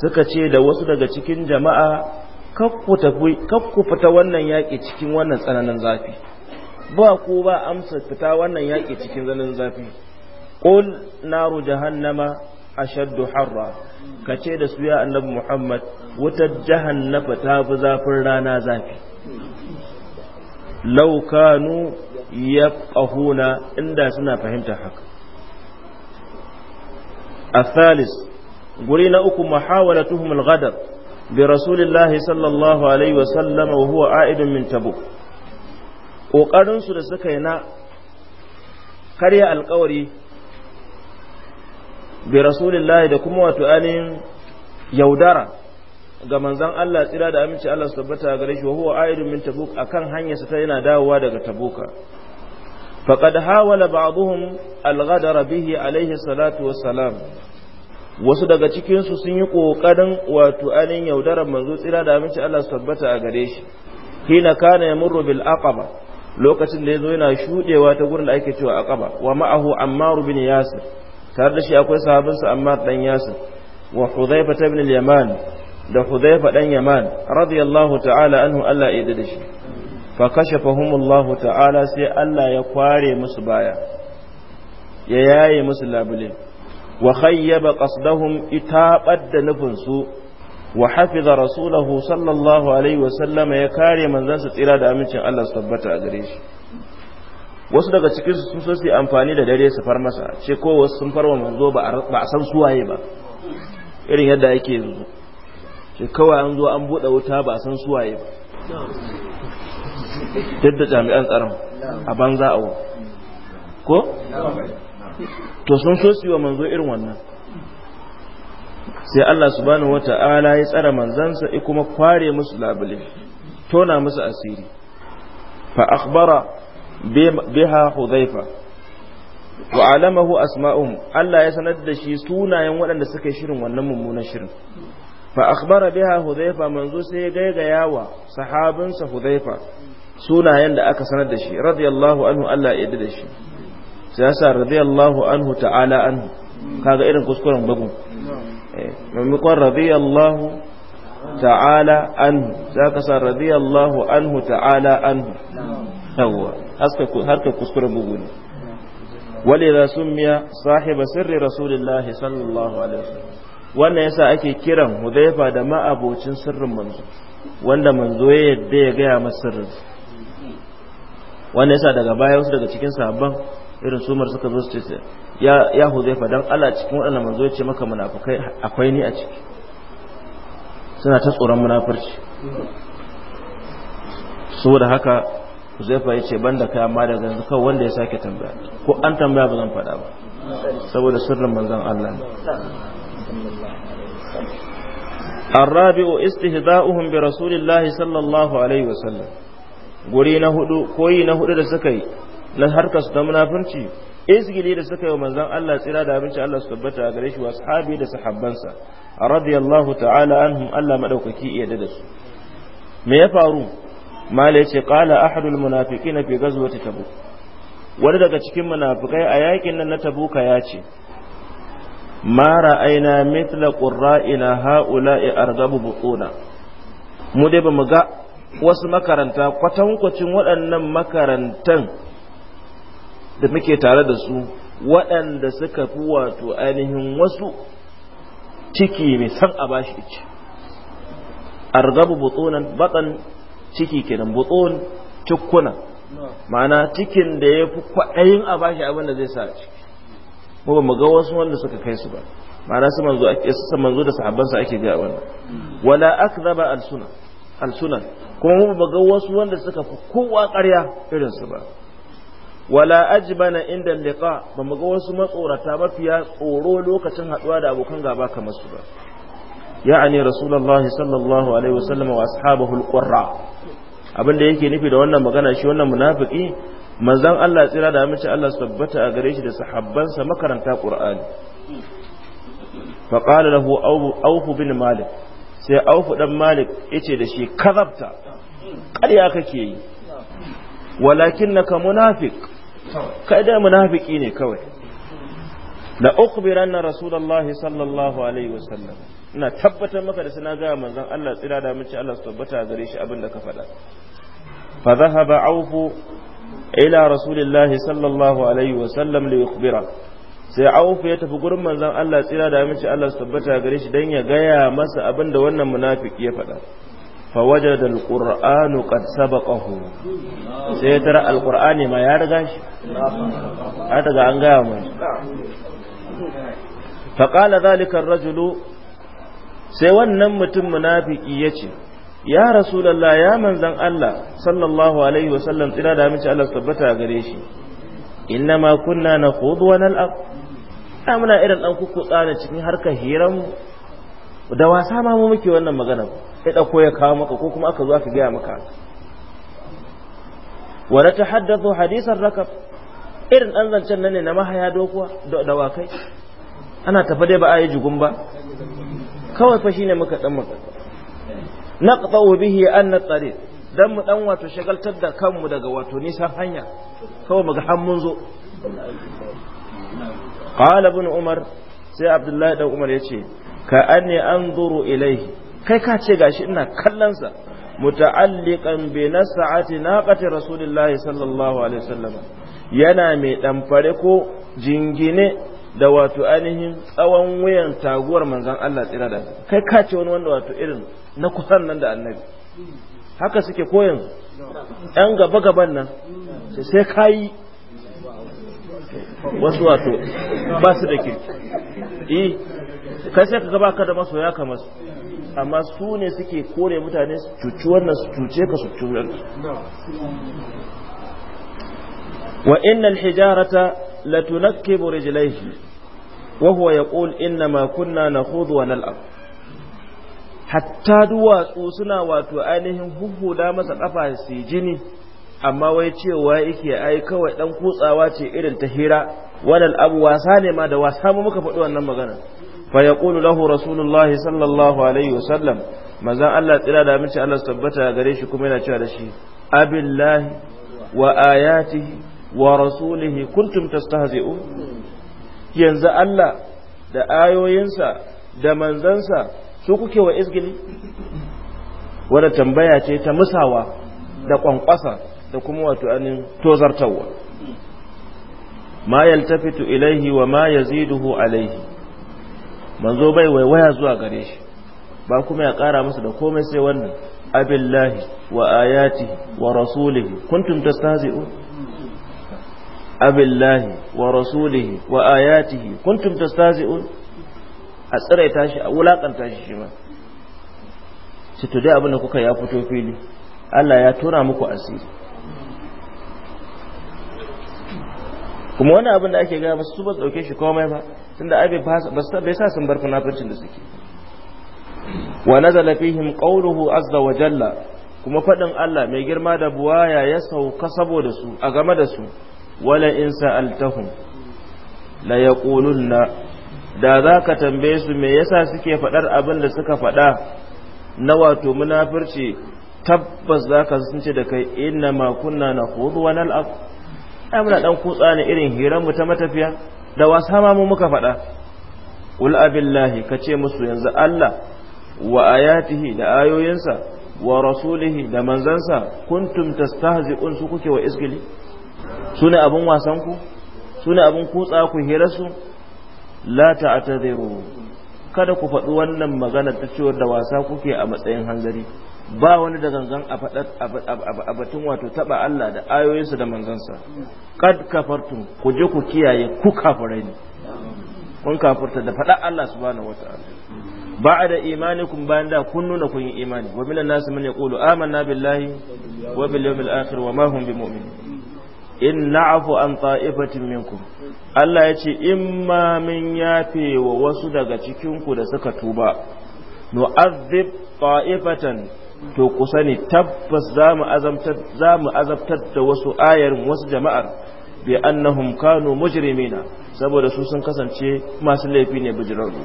suka ce da wasu daga cikin jama'a kakku fita wannan yaƙi cikin wannan tsananin zafi ba ku ba amsa fita wannan yaƙi cikin tsananin zafi ƙul naru jahannama shaddu harra ka ce da su ya annabi muhammad wutar jahannafa ta fi zafin rana zafi laukanu ya ƙahuna inda suna fahimtar haka A الثالث guri na uku muhawalatuhum al-ghadab bi rasulillahi sallallahu alaihi wa sallam wa huwa a'idun min tabuk kokarin su da suka yi na karya alkawari bi rasulillahi da kuma wato anin yaudara ga manzon Allah tsira da aminci Allah su tabbata gare shi wa huwa a'idun min tabuk akan hanyarsa ta yana dawowa daga tabuka faqad hawala ba'dhum al-ghadara bihi alayhi salatu wa salam. wasu daga cikinsu sun yi ƙoƙarin wato anin yaudarar manzo tsira da aminci Allah su tabbata a gare shi hina kana ya murru bil aqaba lokacin da yazo yana shudewa ta gurin da ake cewa aqaba wa ma'ahu ammar bin yasir tare da shi akwai su ammar dan yasir wa hudhaifa ibn al yaman da hudhaifa dan yaman radiyallahu ta'ala anhu Allah ya da shi fa Allah ta'ala sai Allah ya kware musu baya ya yaye musu labule wa khayyaba qasdahum itabar da nufin su wa hafiza rasulahu sallallahu alaihi wa sallama ya kare manzansa tsira da amincin Allah su tabbata a gare shi wasu daga cikin su sun su amfani da dare su far masa ce ko wasu sun farwa manzo ba a san suwaye ba irin yadda yake yanzu ce kawai an zo an buɗe wuta ba a san suwaye ba yadda jami'an tsaron a banza a ko to sun so su yi wa manzo irin wannan sai Allah subhanahu wata'ala ya tsara manzansa ya kuma kware musu labule tona musu asiri fa akhbara biha hudhaifa wa alamahu Allah ya sanar da shi sunayen waɗanda suka shirin wannan mummunan shirin fa akhbara biha hudhaifa manzo sai ya gaigaya wa sahabinsa hudhaifa sunayen da aka sanar da shi radiyallahu anhu Allah ya yarda da shi siyasa radiyallahu anhu ta'ala anhu kaga irin kuskuren bugun eh, maimakon radiyallahu ta'ala anhu zaka sa radiyallahu anhu ta'ala anhu yawwa harkar kuskuren bugu ne ولذا سمي صاحب سر sirri الله sallallahu alaihi عليه wannan yasa ake kiran Hudhaifa da ma'abocin sirrin manzo wanda manzo ya yadda ya gaya masa sirrin wannan yasa daga baya wasu daga cikin sahabban irin sumar suka zo su ce ya ya huzaifa dan Allah cikin waɗannan manzo ya ce maka munafukai akwai ni a ciki suna ta tsoron munafurci saboda haka huzaifa ya ce ban da kai amma daga yanzu kawai wanda ya sake tambaya ko an tambaya ba zan faɗa ba saboda sirrin manzon Allah ne الرابع استهزاؤهم برسول الله صلى الله عليه وسلم guri na hudu koyi na hudu da suka yi na harkar su ta munafunci izgili da suka yi wa manzon Allah tsira da abinci Allah su tabbata a gare shi wa sahabi da sahabbansa radiyallahu ta'ala anhum Allah maɗaukaki iya dada su me ya faru mala yace qala ahadul na fi ghazwati tabuk wani daga cikin munafikai a yakin nan na tabuka ya ce ma ra'ayna mithla qurra'ina ha'ula'i argabu buquna mu dai mu ga wasu makaranta kwatankwacin waɗannan makarantan da muke tare da su waɗanda suka fi wato ainihin wasu ciki mai san a bashi ce argabu butsunan batsan ciki kenan butsun cikkuna ma'ana cikin da ya fi kwaɗayin a bashi abin da zai sa a ciki mu ba mu ga wasu wanda suka kai su ba ma'ana su manzo ake su manzo da sahabbansa ake ga wannan wala akzaba al-sunan al-sunan kuma mu ba ga wasu wanda suka fi kowa ƙarya irin su ba wala ajbana inda liqa ba mu ga wasu matsorata mafiya tsoro lokacin haduwa da abokan gaba kamar su ba ya'ani rasulullah sallallahu alaihi wasallam wa ashabahu alqurra abinda yake nufi da wannan magana shi wannan munafiki manzon Allah tsira da mace Allah su tabbata a gare shi da sahabbansa makaranta qur'ani fa qala lahu awfu bin malik sai awfu dan malik yace da shi kazabta ƙarya kake yi walakin naka munafik kai munafiki ne kawai la na rasulullahi sallallahu alaihi wasallam ina tabbatar maka da sana ga manzon Allah tsira da mace Allah su tabbata gare shi abin da ka faɗa fa dhahaba aufu ila rasulillahi sallallahu alaihi wasallam li yukhbira sai aufu ya tafi gurin manzon Allah tsira da mace Allah su tabbata gare shi dan ya gaya masa abin da wannan munafiki ya faɗa فوجد القرآن قد سبقه سيترى القرآن ما يرغش هذا عن قام فقال ذلك الرجل سيوان متم منافقي يتي ya ce ya manzan Allah sallallahu alaihi wasallam tsira da mace Allah tabbata gare shi innama kunna nakhudu wa nal'ab a muna irin dan kuku tsana cikin harkar hiran da wasa ma muke wannan magana ya ɗauko ya kawo maka ko kuma aka zo aka gaya maka wa na tahaddathu hadisan rakab irin dan zancen nan ne na mahaya dokuwa da dawakai ana tafa dai ba a yi jugun ba kawai fa shine muka dan maka naqta'u bihi an tsare dan mu dan wato shagaltar da kanmu daga wato nisan hanya kawai muga har mun zo qala ibn umar sai abdullahi dan umar yace ka anni anzuru ilayhi kai ka ce gashi ina kallon sa muta'alliqan bi nas'ati naqati rasulillahi sallallahu alaihi wasallam yana mai fare ko jingine da wato ainihin tsawon wuyan taguwar manzon Allah tsira da kai ka ce wani wanda wato irin na kusan nan da annabi haka suke koyan yan gaba gaban nan sai kai wasu wato ba su da kirki eh kai sai ka gaba ka da masoya kamar amma su ne suke kore mutane su cuci wannan su cuce ka su cuce wa innal hijarata latunakkibu rijlaihi wa huwa yaqul ma kunna nakhudhu wa nal'ab hatta duwatsu suna wato ainihin huhuda masa kafa su jini amma wai cewa yake ai kawai dan kutsawa ce irin ta hira wannan abu wasa ne ma da wasa mu muka faɗi wannan magana fa yaqulu lahu rasulullahi sallallahu alaihi wasallam manzon Allah tsira da mace Allah tabbata gare shi kuma yana cewa da shi abillahi wa ayatihi wa rasulihi kuntum tastahzi'un yanzu Allah da ayoyinsa da manzansa su kuke wa izgili wadda tambaya ce ta musawa da ƙwanƙwasa, da kuma wato anin tozartawa ma yaltafitu ilaihi wa ma yaziduhu alaihi manzo bai waiwaya zuwa gare shi ba kuma ya ƙara masa da komai sai wannan abillahi wa ayati wa rasulihi kuntum tastahzi'un abillahi wa rasulihi wa ayatihi kuntum tastahzi'un a tsiraita shi a wulakanta shi shi ma shi to dai abin da kuka ya fito fili Allah ya tura muku asiri kuma wani abin da ake gaya masu su ba tsauke ɗauke shi komai ba tunda ai bai sa sun bar munafircin da suke wa nazala fihim qawluhu azza wa jalla kuma fadin Allah mai girma da buwaya ya sauka saboda su a game da su wala in sa'altahum la yaqulunna da za ka tambaye su me yasa suke faɗar abin da suka faɗa? na wato munafirci tabbas zaka sun ce da kai inna ma kunna na hudu wa nal'ab ai muna dan kutsa ne irin hiran mu ta matafiya da wasa ma muka faɗa ul abillahi ce musu yanzu Allah wa ayatihi da ayoyinsa wa rasulihi da manzansa kuntum tastahzi'un su kuke wa isgili sune abun wasan ku sune abun kutsa ku hirasu la ta'tadiru kada ku faɗi wannan magana ta cewa da wasa kuke a matsayin hanzari ba wani da zanzan a batun wato taba Allah da ayoyinsa da manzansa kad kafartum ku je ku kiyaye ku kafirai ne kun kafirta da faɗa Allah subhanahu wata'ala da imanikum bayan da kun nuna kun yi imani wa minan nasu man yaqulu amanna billahi wa bil yawmil akhir wa ma hum bimu'minin in na'fu an ta'ifatin minkum Allah ya ce in ma min yafe wa wasu daga cikin ku da suka tuba nu'adhib ta'ifatan to ku sani tabbas za mu azabtar da wasu ayar wasu jama'ar bi annahum kanu mujrimina saboda su sun kasance masu laifi ne bijirarru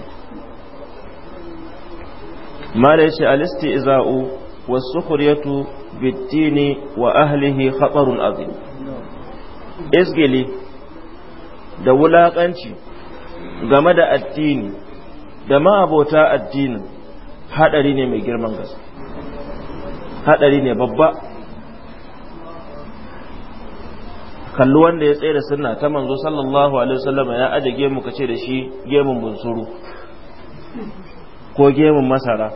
mala yace alisti iza'u was bid-dini wa ahlihi khatarun azim isgili da wulaƙanci game da addini da ma'abota addinin haɗari ne mai girman gaske hadari ne babba kalli wanda ya tsere da sunna ta manzo sallallahu alaihi wasallam ya aje gemu kace da shi gemun bunsuru ko gemun masara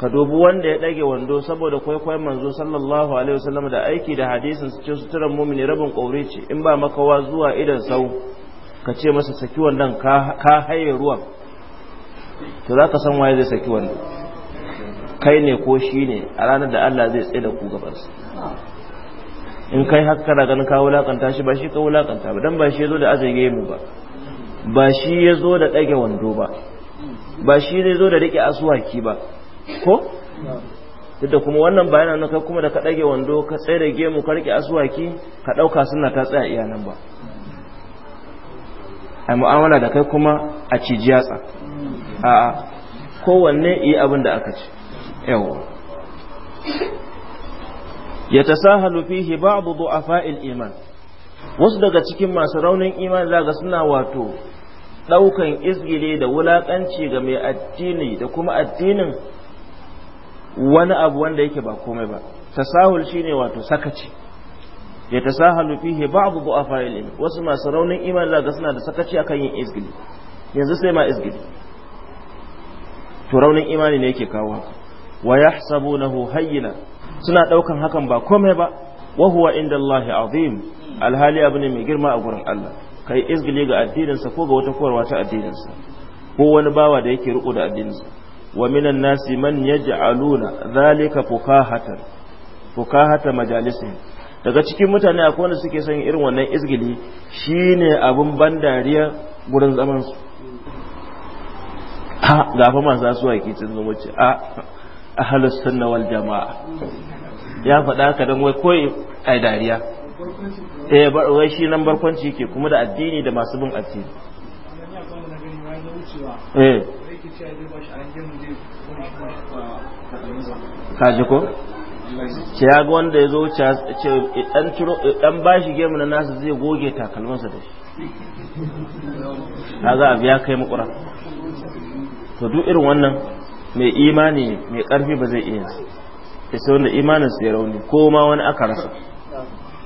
ka dubi wanda ya ɗage wando saboda kwaikwayon manzo sallallahu alaihi wasallam da aiki da hadisin su ce suturan mumini rabin ƙaure ce in ba makawa zuwa idan sau ka ce masa saki wannan ka haye ruwan to za ka san waye zai saki wannan kai ne ko shi ne a ranar da Allah zai tsaye da ku gabansa in kai haka da ganin ka wulakanta shi ba shi ka wulakanta ba dan ba shi yazo da azage mu ba ba shi yazo da dage wando ba ba shi zai zo da rike asuwaki ba ko da kuma wannan bayanan na kai kuma da ka dage wando ka tsaye da gemu ka rike asuwaki ka dauka sunna ta tsaya iya nan ba ai mu'amala da kai kuma a cijiyatsa a'a kowanne yi abin da aka ce yawa ya tasahalu fihi ba'du du'afa'il iman wasu daga cikin masu raunin iman zaga suna wato daukan izgile da wulakanci ga mai addini da kuma addinin wani abu wanda yake ba komai ba tasahul shine wato sakaci ya tasahalu fihi ba'du du'afa'il iman wasu masu raunin iman zaga suna da sakaci akan yin izgili yanzu sai ma izgili to raunin imani ne yake kawo haka wa yahsabunahu hayyina suna ɗaukan hakan ba komai ba wa huwa inda Allah azim alhali abu ne mai girma a gurin Allah kai izgili ga addininsa ko ga wata koyarwa ta addininsa ko wani bawa da yake riko da addininsa wa minan nasi man yaj'aluna zalika fukahatan fukahata majalisin daga cikin mutane akwai wanda suke son irin wannan izgili shine abun ban dariya gurin zaman su ha gafa masu asuwa ke cin zumunci a ah, ahalus sunna wal jama'a ya faɗa ka dan wai koyi ai dariya eh ba wai shi nan barkwanci yake kuma da addini da masu bin addini eh kaji ko ce ya ga wanda ya zo ce dan turo dan bashi gemu na nasu zai goge takalmansa da shi za a ya kai makura to duk irin wannan mai imani mai karfi ba zai iya ya sai wanda imanin sai rauni ko ma wani aka rasa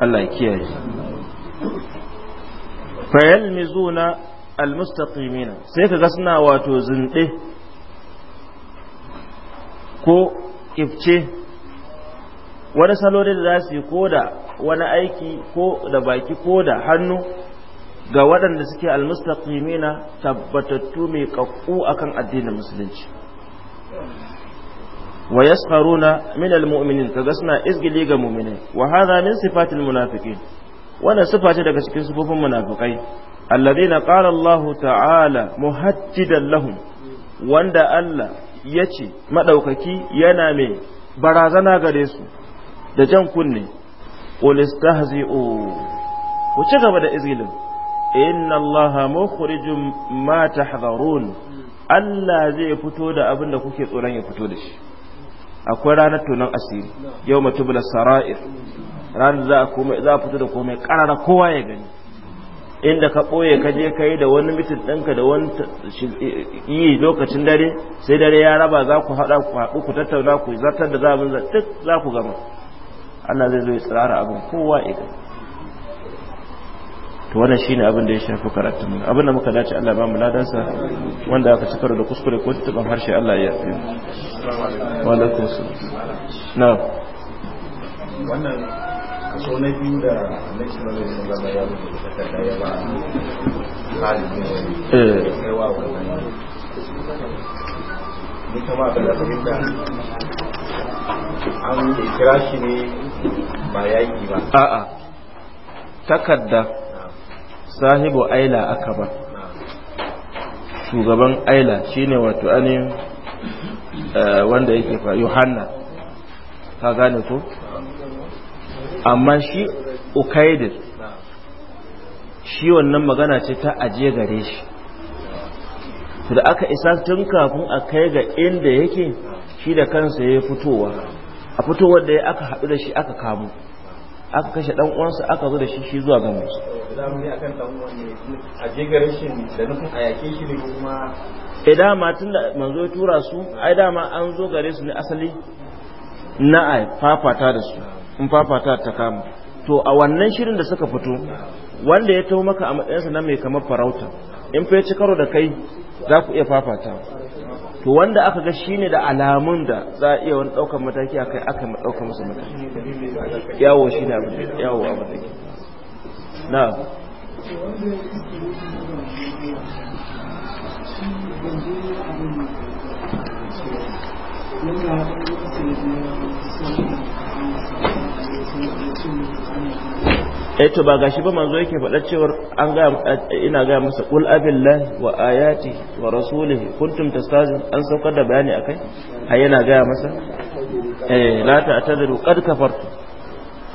Allah ya kiyaye fa yalmizuna almustaqimina sai ga suna wato zinde ko kifce wani salo da za su yi ko da wani aiki ko da baki ko da hannu ga waɗanda suke almustaqimina tabbatattu mai kakku akan addinin musulunci wa yasharuna min almu'minin kaga suna izgili ga mu'minai wa hadha min sifatil munafiqin wannan sifa ce daga cikin sifofin munafiqai alladhina qala Allah ta'ala muhaddidan lahum wanda Allah yace madaukaki yana mai barazana gare su da jan kunne qul istahzi'u ku ci gaba da izgilin inna Allah mukhrijum ma tahdharun Allah zai fito da abin da kuke tsoron ya fito da shi akwai ranar tunan asiri yau da sara'ir ranar za a za a fito da komai karara kowa ya gani inda ka ɓoye ka je ka yi da wani mitin ɗinka da wani yi lokacin dare sai dare ya raba za ku haɗa ku haɗu ku tattauna ku zartar da za duk za ku gama Allah zai zo ya tsirara abin kowa ya to wannan shine abin da ya shafi karatun mu abin da muka dace Allah ba mu ladansa wanda aka cikar da kuskure ko tuban harshe Allah ya yafe wa alaikum salam na wannan kaso na biyu da next level sun zama ya rubuta ta kai ba halin ne eh. kai wa wannan ni kama da fahimta an kira shi ne ba yaki ba a'a takarda sahibu aila aka ba shugaban aila shine wato anin eh, wanda yake fa yohanna ka gane ko amma shi ukaidis shi wannan magana ce ta ajiye gare shi da aka isa tun kafin a kai ga inda yake shi da kansa ya fitowa a fitowar da ya aka haɗu da shi aka kamu. aka kashe dan uwansa aka zo da shi shi zuwa ga mai da eh, dama tun da manzo ya tura su ai dama an zo gare su ne asali na a fafata da su in fafata ta kama to a wannan shirin da suka fito wanda ya taho maka a matsayinsa na mai kamar farauta in fa ya ci karo da kai za ku iya fafata to wanda aka ga shine da alamun da za a iya wani ɗaukar mataki a kai aka ɗaukar musu mataki yawo shi ne abu da yawo a mataki, na Eh, to ba gashi ba manzo yake faɗa cewar an ga ina ga masa qul abillahi wa ayati wa rasulihi kuntum tastazin an saukar da bayani akai ai yana ga masa eh la ta atadiru qad kafartu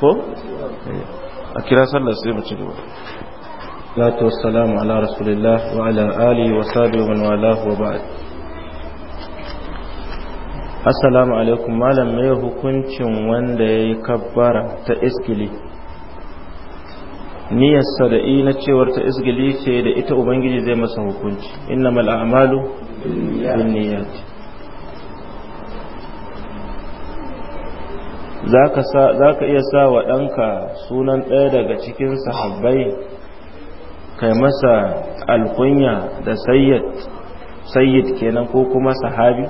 ko eh. a kira sallar sai mu ci gaba salatu wassalamu ala rasulillah wa ala alihi wa sahbihi wa man walahu wa ba'd assalamu alaikum malam mai hukuncin wanda ya yi kabbara ta iskili niyyar sada'i na cewar ta iskili ce da ita ubangiji zai masa hukunci innamal a'malu bin zaka za ka iya sa wa ɗanka sunan ɗaya daga cikin sahabbai kai masa alkunya da sayyid kenan ko kuma sahabi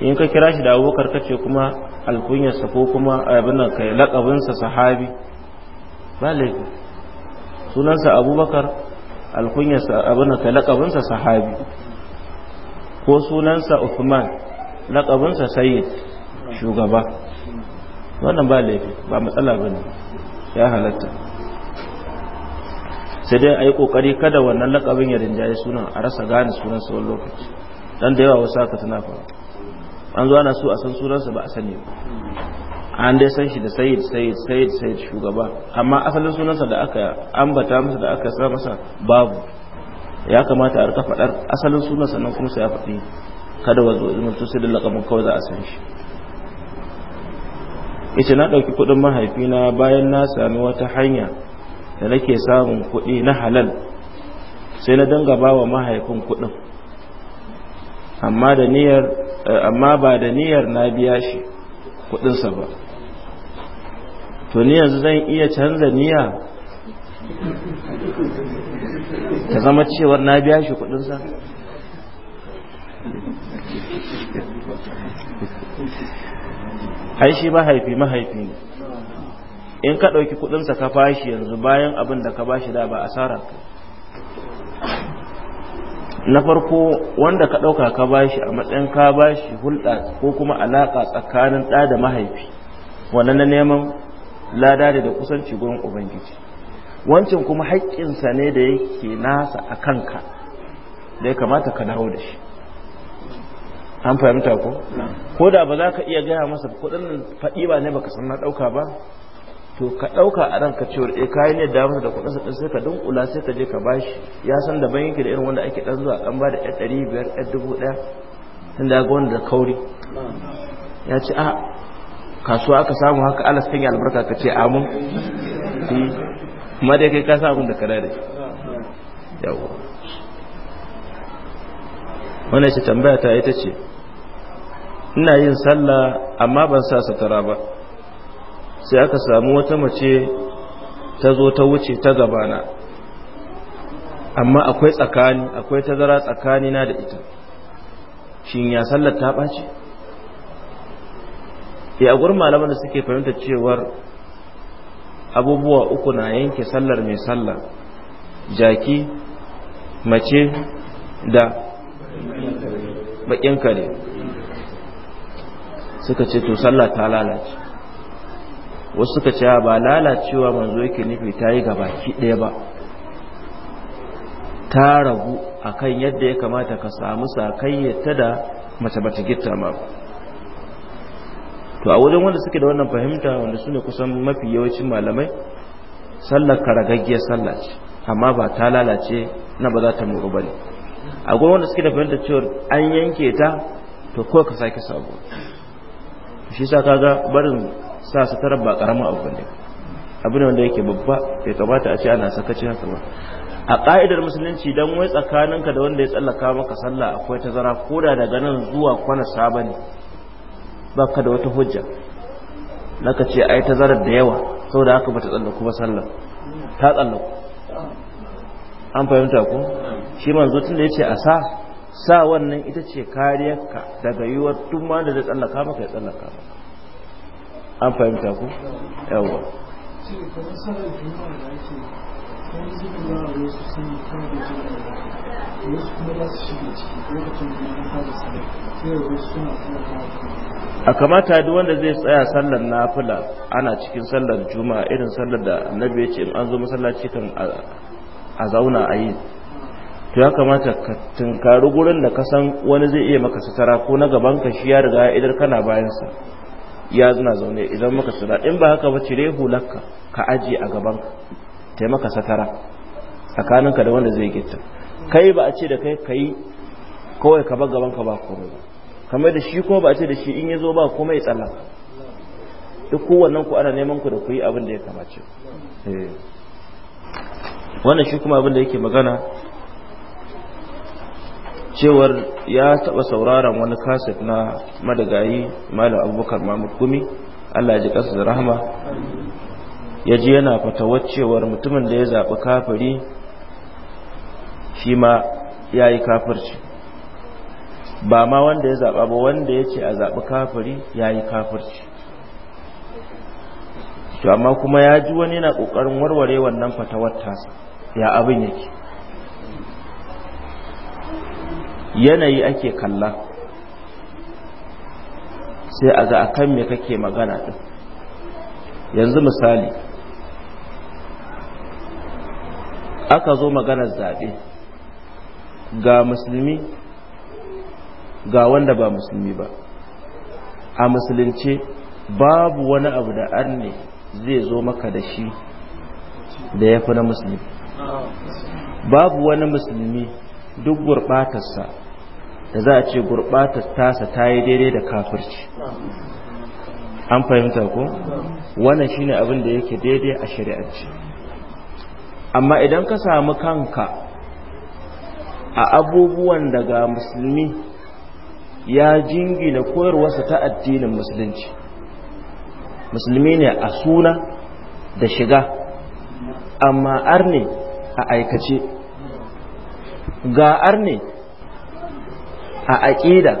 in ka kira shi da abubakar kace kuma alkunyarsa ko kuma abin nan kai lakabinsa sahabi ba laifi sunansa abubakar alkunyarsa abin nan kai lakabinsa sahabi ko sunansa uthman laƙabinsa sayyid shugaba wannan ba laifi ba matsala ba ne ya halatta sai dai a yi ƙoƙari kada wannan lakabin ya rinjaye sunan a rasa gane sunansa wani lokaci dan da yawa wasu aka tana faru an zo ana so a san sunansa ba a sani an dai san shi da sayid sayid sayid sayid shugaba amma asalin sunansa da aka ambata masa da aka sa masa babu ya kamata a rika faɗar asalin sunansa nan kuma sai ya faɗi kada wazo ilmin to sai da lakamin kawai za a san shi ita na ɗauki kuɗin mahaifina bayan na sami wata hanya da nake samun kuɗi na halal sai na danga ba wa mahaifin kuɗin amma da niyyar Eh, amma ba da niyyar na biya shi kudinsa ba to ni yanzu zan iya canza niyya ta zama cewar na biya shi kudinsa ai mahaifi mahaifi ne in ka ɗauki kudinsa ka fashi yanzu bayan abin da ka bashi da ba asara na farko wanda ka ɗauka ka bashi a matsayin ka bashi hulɗa ko kuma alaƙa tsakanin ɗa da mahaifi wannan na neman lada da kusanci gurin ubangiji wancan kuma haƙƙinsa ne da yake nasa a kanka da ya kamata ka dawo da shi an fahimta ko ko da ba za ka iya gaya masa kuɗin faɗi ba ne baka san na ɗauka ba to ka ɗauka a ranka cewar e eh, kayan ne da da kuɗin sa sai ka dunkula sai ka je ka bashi ya san da banki da irin wanda ake ɗan zuwa ɗan ba da ɗan ɗari biyar ɗan dubu ɗaya tun da ga wanda da kauri ya ce a kasuwa aka samu haka ala sun yi albarka ka ce amin kuma dai kai ka sa abin da ka da shi Wani wannan ce tambaya ta ita ce ina yin sallah amma ban sa satara ba sai aka samu wata mace ta zo ta wuce ta gabana amma akwai tsakani akwai tazara tsakani na da ita shin ya sallar ta ɓace ya eh, gurin malaman da suke fahimta cewar abubuwa uku na yanke sallar mai sallar jaki mace da bakin kare suka ce to sallar ta lalace wasu suka cewa ba lalacewa manzo yake nufi ta yi gabaki ɗaya ba ta ragu a kan yadda ya kamata ka samu sakayyata da mace ta gita ma to a wajen wanda suke da wannan fahimta wanda su ne kusan mafi yawancin malamai sallar karagaggiyar sallar ce amma ba ta lalace na ba za ta muru ba ne a gurin wanda suke da fahimta cewar an yanke ta to kawai ka sake sabo shi sa kaga barin sa sutura ba karamin abu ne abin wanda yake babba bai kamata a ce ana sakaci haka ba a ka'idar musulunci dan wai tsakaninka da wanda ya tsallaka maka sallah akwai tazara koda daga nan zuwa kwana sabani baka da wata hujja naka ce ai tazarar da yawa saboda haka bata tsallaku ba sallah ta tsallaku an fahimta ko shi manzo tun da yace a sa sa wannan ita ce kariyarka daga yiwuwar tun ma da ya tsallaka maka ya tsallaka maka an fahimta ku yawon a kamata duk wanda zai tsaya sallar nafila ana cikin sallar juma'a irin sallar da annabi ya ce in an zo masallaci kan a zauna a yi to ya kamata ka tunkari gurin da ka san wani zai iya maka satara ko na gaban ka shi ya riga ya idar kana bayansa ya zuna zaune idan maka sura in ba haka ba cire hularka ka aje a gaban taimaka satara tsakaninka da wanda zai gita kai ba a ce da kai kai kawai ka bar gabanka ba komai ba kamar da shi kuma ba a ce da shi in ya zo ba komai tsalla duk kowannan ku ana neman ku da ku yi abin da ya kamace eh. wannan shi kuma abin da yake magana cewar ya taɓa sauraron wani kasif na madagayi malam abubakar mahmud gumi allah ji ƙasa da rahama ya ji yana fatawar cewar mutumin da ya zaɓi kafiri shi ma ya yi kafirci ba ma wanda ya zaɓa ba wanda ya ce a zaɓi kafari ya yi kafirci to amma kuma ya ji wani na ƙoƙarin warware wannan fatawar tasa ya abin yake yanayi ake kalla sai a ga akan me kake magana din yanzu misali aka zo maganar zaɓe ga musulmi ga wanda ba musulmi ba a musulunce babu wani abu da arne zai zo maka da shi da ya fi na musulmi babu wani musulmi duk gurɓatarsa da za a ce gurɓatar tasa ta yi daidai da kafirci an fahimta ko wannan shine abin da yake daidai a shari'arci amma idan ka samu kanka a abubuwan daga musulmi ya jingina koyarwarsa ta addinin musulunci musulmi ne a suna da shiga amma arne a aikace ga arne a aƙida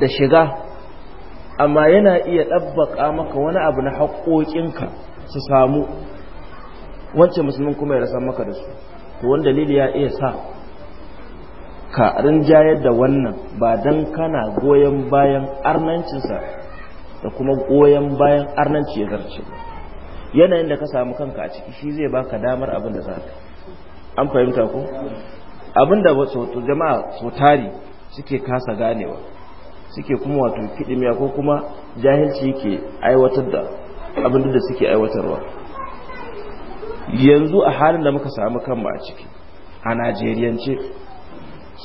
da shiga amma yana iya ɗabbaƙa maka wani abu na haƙoƙinka su samu wancan musulmin kuma ya rasa maka da su to wani dalili ya iya sa ka rinjayar da wannan ba don kana goyon bayan arnancinsa da kuma goyon bayan arnanci ya zarce yanayin da ka samu kanka a ciki shi zai baka damar abin da za ka an fahimta ko abin da jama'a so suke kasa ganewa suke kuma wato kidimiya ko kuma jahilci yake aiwatar da abin da suke aiwatarwa yanzu a halin da muka samu kanmu a ciki a najeriyance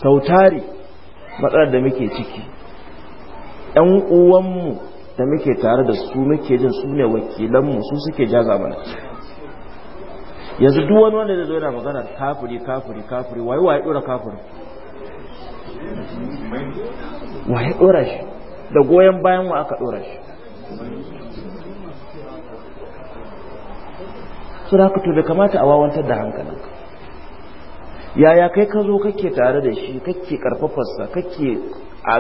sautari matsalar da muke ciki ɗan uwanmu da muke tare da su muke jin su ne wakilanmu su suke jaza mana yanzu duk wani wanda zai zo yana magana kafuri, kafuri, kafuri, waye waye dora kafuri wa ya ɗora shi da goyon bayan wa aka ɗora shi su da to da kamata a wawantar da hankalin yaya kai ka zo kake tare da shi kake karfafarsa kake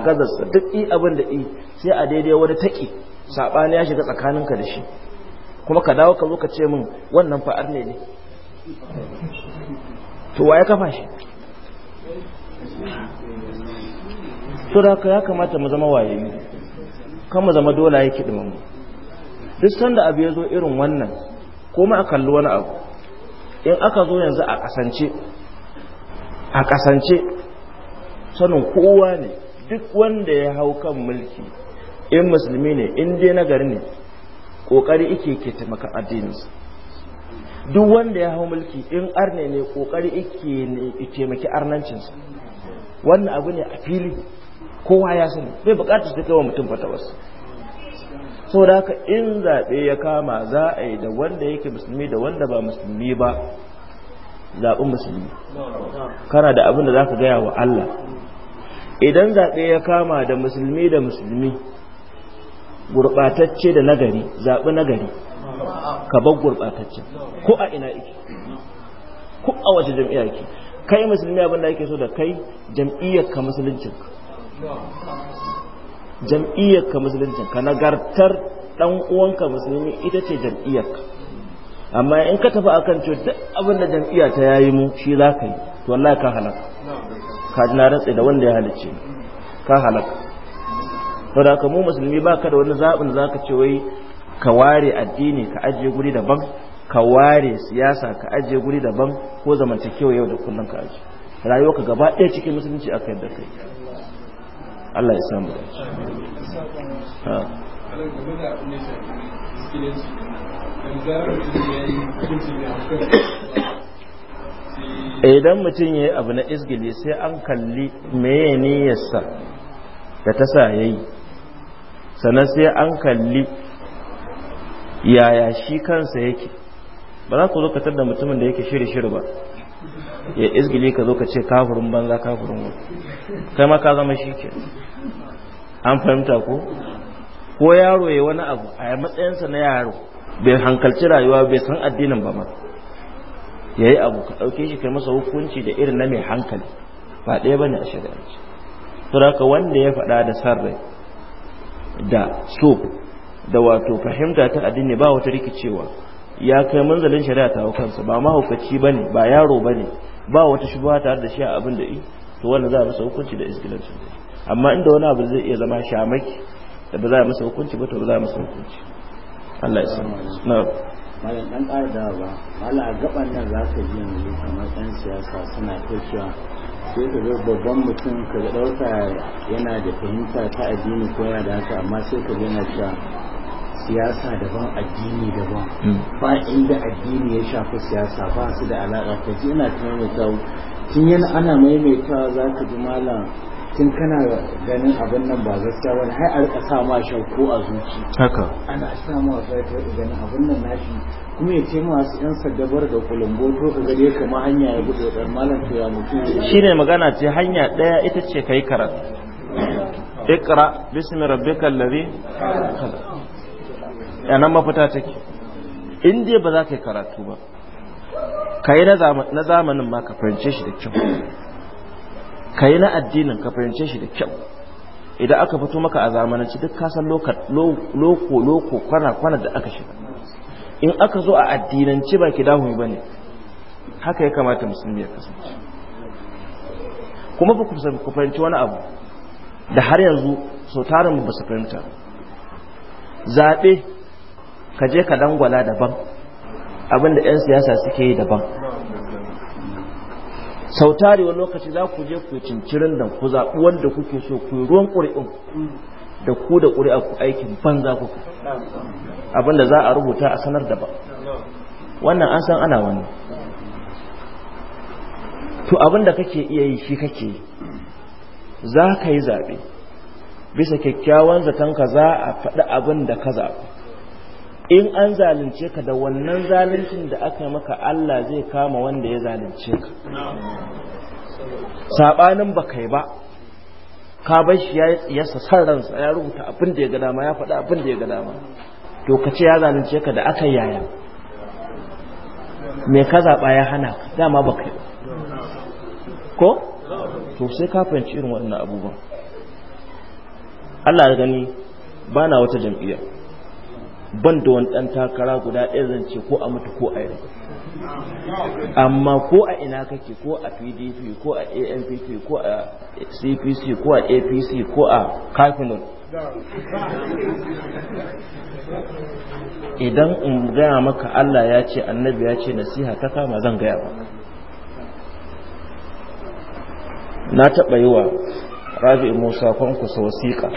gazarsa duk i abin da i sai a daidai wani taƙi saɓani ya shiga tsakaninka da shi kuma ka dawo ka zo ka ce min wannan fa'ar ne ne to ya kafa shi to ya kamata mu zama waye kan mu zama dole ya kiɗi mu duk sanda abu ya zo irin wannan ko ma a kalli wani abu in aka zo yanzu a kasance a kasance sanin kowa ne duk wanda ya hau kan mulki in musulmi ne in dai nagari ne kokari ike ke taimaka addininsa duk wanda ya hau mulki in arne ne kokari ike ne taimaki arnancinsa wannan abu ne a fili kowa ya sani bai bukatar su kai wa mutum fatawarsa da haka in zaɓe ya kama za a yi da wanda yake musulmi da wanda ba musulmi ba zaɓin musulmi kana da abin da za ka gaya wa Allah idan zaɓe ya kama da musulmi da musulmi gurɓatacce da nagari zaɓi nagari ka bar gurɓatacce ko a ina yake ko a wace jam'iyya ke kai musulmi abin da ake so da kai jam'iyyar ka musuluncinka jam'iyyarka musulunci ka nagartar dan uwanka musulmi ita ce jam'iyyarka amma in ka tafi akan cewa duk abin da jam'iyya ta yayi mu shi za ka yi to wallahi ka halaka ka ji na rantsa da wanda ya halice ka halaka da ka mu musulmi ba ka da wani zaɓin da za ka ce wai ka ware addini ka ajiye guri daban ka ware siyasa ka ajiye guri daban ko zamantakewa yau da kullum ka ajiye rayuwa ka gaba ɗaya cikin musulunci aka yadda kai Allah ya samu idan mutum ya yi abu na izgili sai an kalli meye niyyarsa da ta sa ya yi sannan sai an kalli yaya shi kansa yake ba za ku zo katar da mutumin da yake shiri-shiri ba ya izgili ka zo ka ce kafurin banza kafurin wani kai ma ka zama shi ke an fahimta ko ko yaro ya wani abu a matsayinsa na yaro bai hankalci rayuwa bai san addinin ba ma ya yi abu ka ɗauke shi kai masa hukunci da irin na mai hankali ba ɗaya ba ne a shari'arci saboda wanda ya faɗa da sarrai da so da wato fahimta ta addini ba wata rikicewa ya kai manzalin shari'a ta kansa ba mahaukaci ba ne ba yaro ba ne ba wata shubha tare da shi a abin da yi to wanda za a masa hukunci da isgilancin da amma inda wani abu zai iya zama shamaki da ba za a masa hukunci ba to ba za a masa hukunci Allah ya san na malam dan ƙara da ba malam gaban nan za ka ji yanzu kamar ɗan siyasa suna toshewa sai ka ga babban mutum ka ɗauka yana da fahimta ta addini ko yana da haka amma sai ka ga yana cewa siyasa daban addini daban hmm. ba inda addini ya shafi siyasa ba su da alaƙa ka ji ina tunanin tun yana ana maimaitawa za ka ji malam tun kana ganin abin nan ba gaskiya wani har a rika sa ma shauko a zuci haka ana sa ma ta ganin abin nan nashi kuma ya ce su yan sadabar da to ka gare kama hanya ya gudu da malam to ya mutu Shi ne magana ce hanya daya ita ce kai karatu iqra bismi rabbikal ladhi khalaq yana mafita take in dai ba za ka yi karatu ba ka yi na zamanin ma ka fahimce shi da kyau ka yi na addinin ka fahimce shi da kyau idan aka fito maka a zamananci duk kasan loko loko kwana kwana da aka shiga in aka zo a addinance ba ki dahu ba ne haka ya kamata musulmi ya kasance kuma ba ku fahimci wani abu da har yanzu so tarin ba su fahimta zaɓe ka je ka dangwala daban abinda 'yan siyasa suke yi daban sautari wani lokaci za ku je ku cincirin da ku zaɓi wanda kuke so ku yi ruwan ƙuri'un da ku da ƙuri'a ku aikin banza ku abinda za a rubuta a sanar da ba wannan an san ana wani to abinda kake iya yi shi kake yi za ka yi zaɓe bisa kyakkyawan zatonka za a faɗi abin da ka zaɓi. in an zalunce ka da wannan zaluncin da aka maka Allah zai kama wanda ya zalunce ka sabanin ba kai ba ka bar shi ya yasa ransa ya rubuta abin da ya ga dama ya faɗi abin da ya ga dama to ka ce ya zalunce ka da aka yaya me ka zaɓa ya hana ka dama ba kai ko to sai ka fahimci irin waɗannan abubuwan Allah ya gani ba na wata jam'iyya ban da wani ɗan takara guda ɗaya zan ce ko a mutu ko a yi amma ko a ina kake ko a pdp ko a ampp ko a cpc ko a apc ko a kafinan idan in gaya maka allah ya ce annabi ya ce nasiha ta kama zan gaya ba. na taɓa yi wa Rabi musa kwankwasa wasiƙa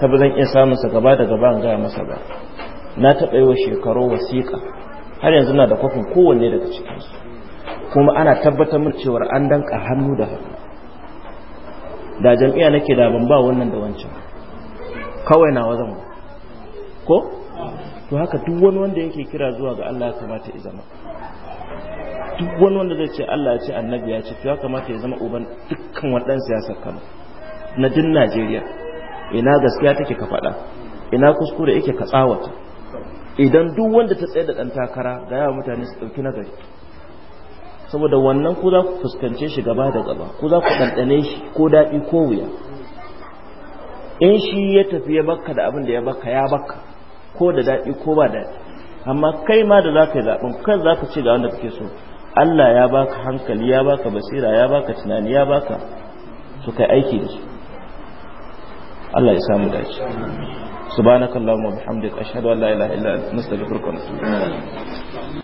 ta ba zan iya samun sa gaba da gaba in gaya masa ba na taɓa yi wa shekaru wasiƙa har yanzu na da kwafin kowanne daga cikinsu kuma ana tabbatar mun cewar an danka hannu da hannu da jam'iyya nake da ban ba wannan da wancan kawai na wazan ko to haka duk wani wanda yake kira zuwa ga Allah ya kamata ya zama duk wani wanda zai ce Allah ya ce annabi ya ce to ya kamata ya zama uban dukkan waɗansu ya saka na din Najeriya ina gaskiya take ka faɗa ina kuskure yake ka tsawata idan duk wanda ta tsaye da ɗan takara ga yawa mutane su ɗauki nagari saboda wannan ku za ku fuskance shi gaba da gaba ku za ku ɗanɗane shi ko daɗi ko wuya in shi ya tafi ya bakka da abin da ya bakka ya bakka ko da daɗi ko ba daɗi amma kai ma da za ka yi zaɓen kan za ka ce ga wanda kake so Allah ya baka hankali ya baka basira ya baka tunani ya baka su kai aiki da su Allah ya samu dace subhanakallahumma wa bihamdika ashhadu an la ilaha illa anta astaghfiruka wa atubu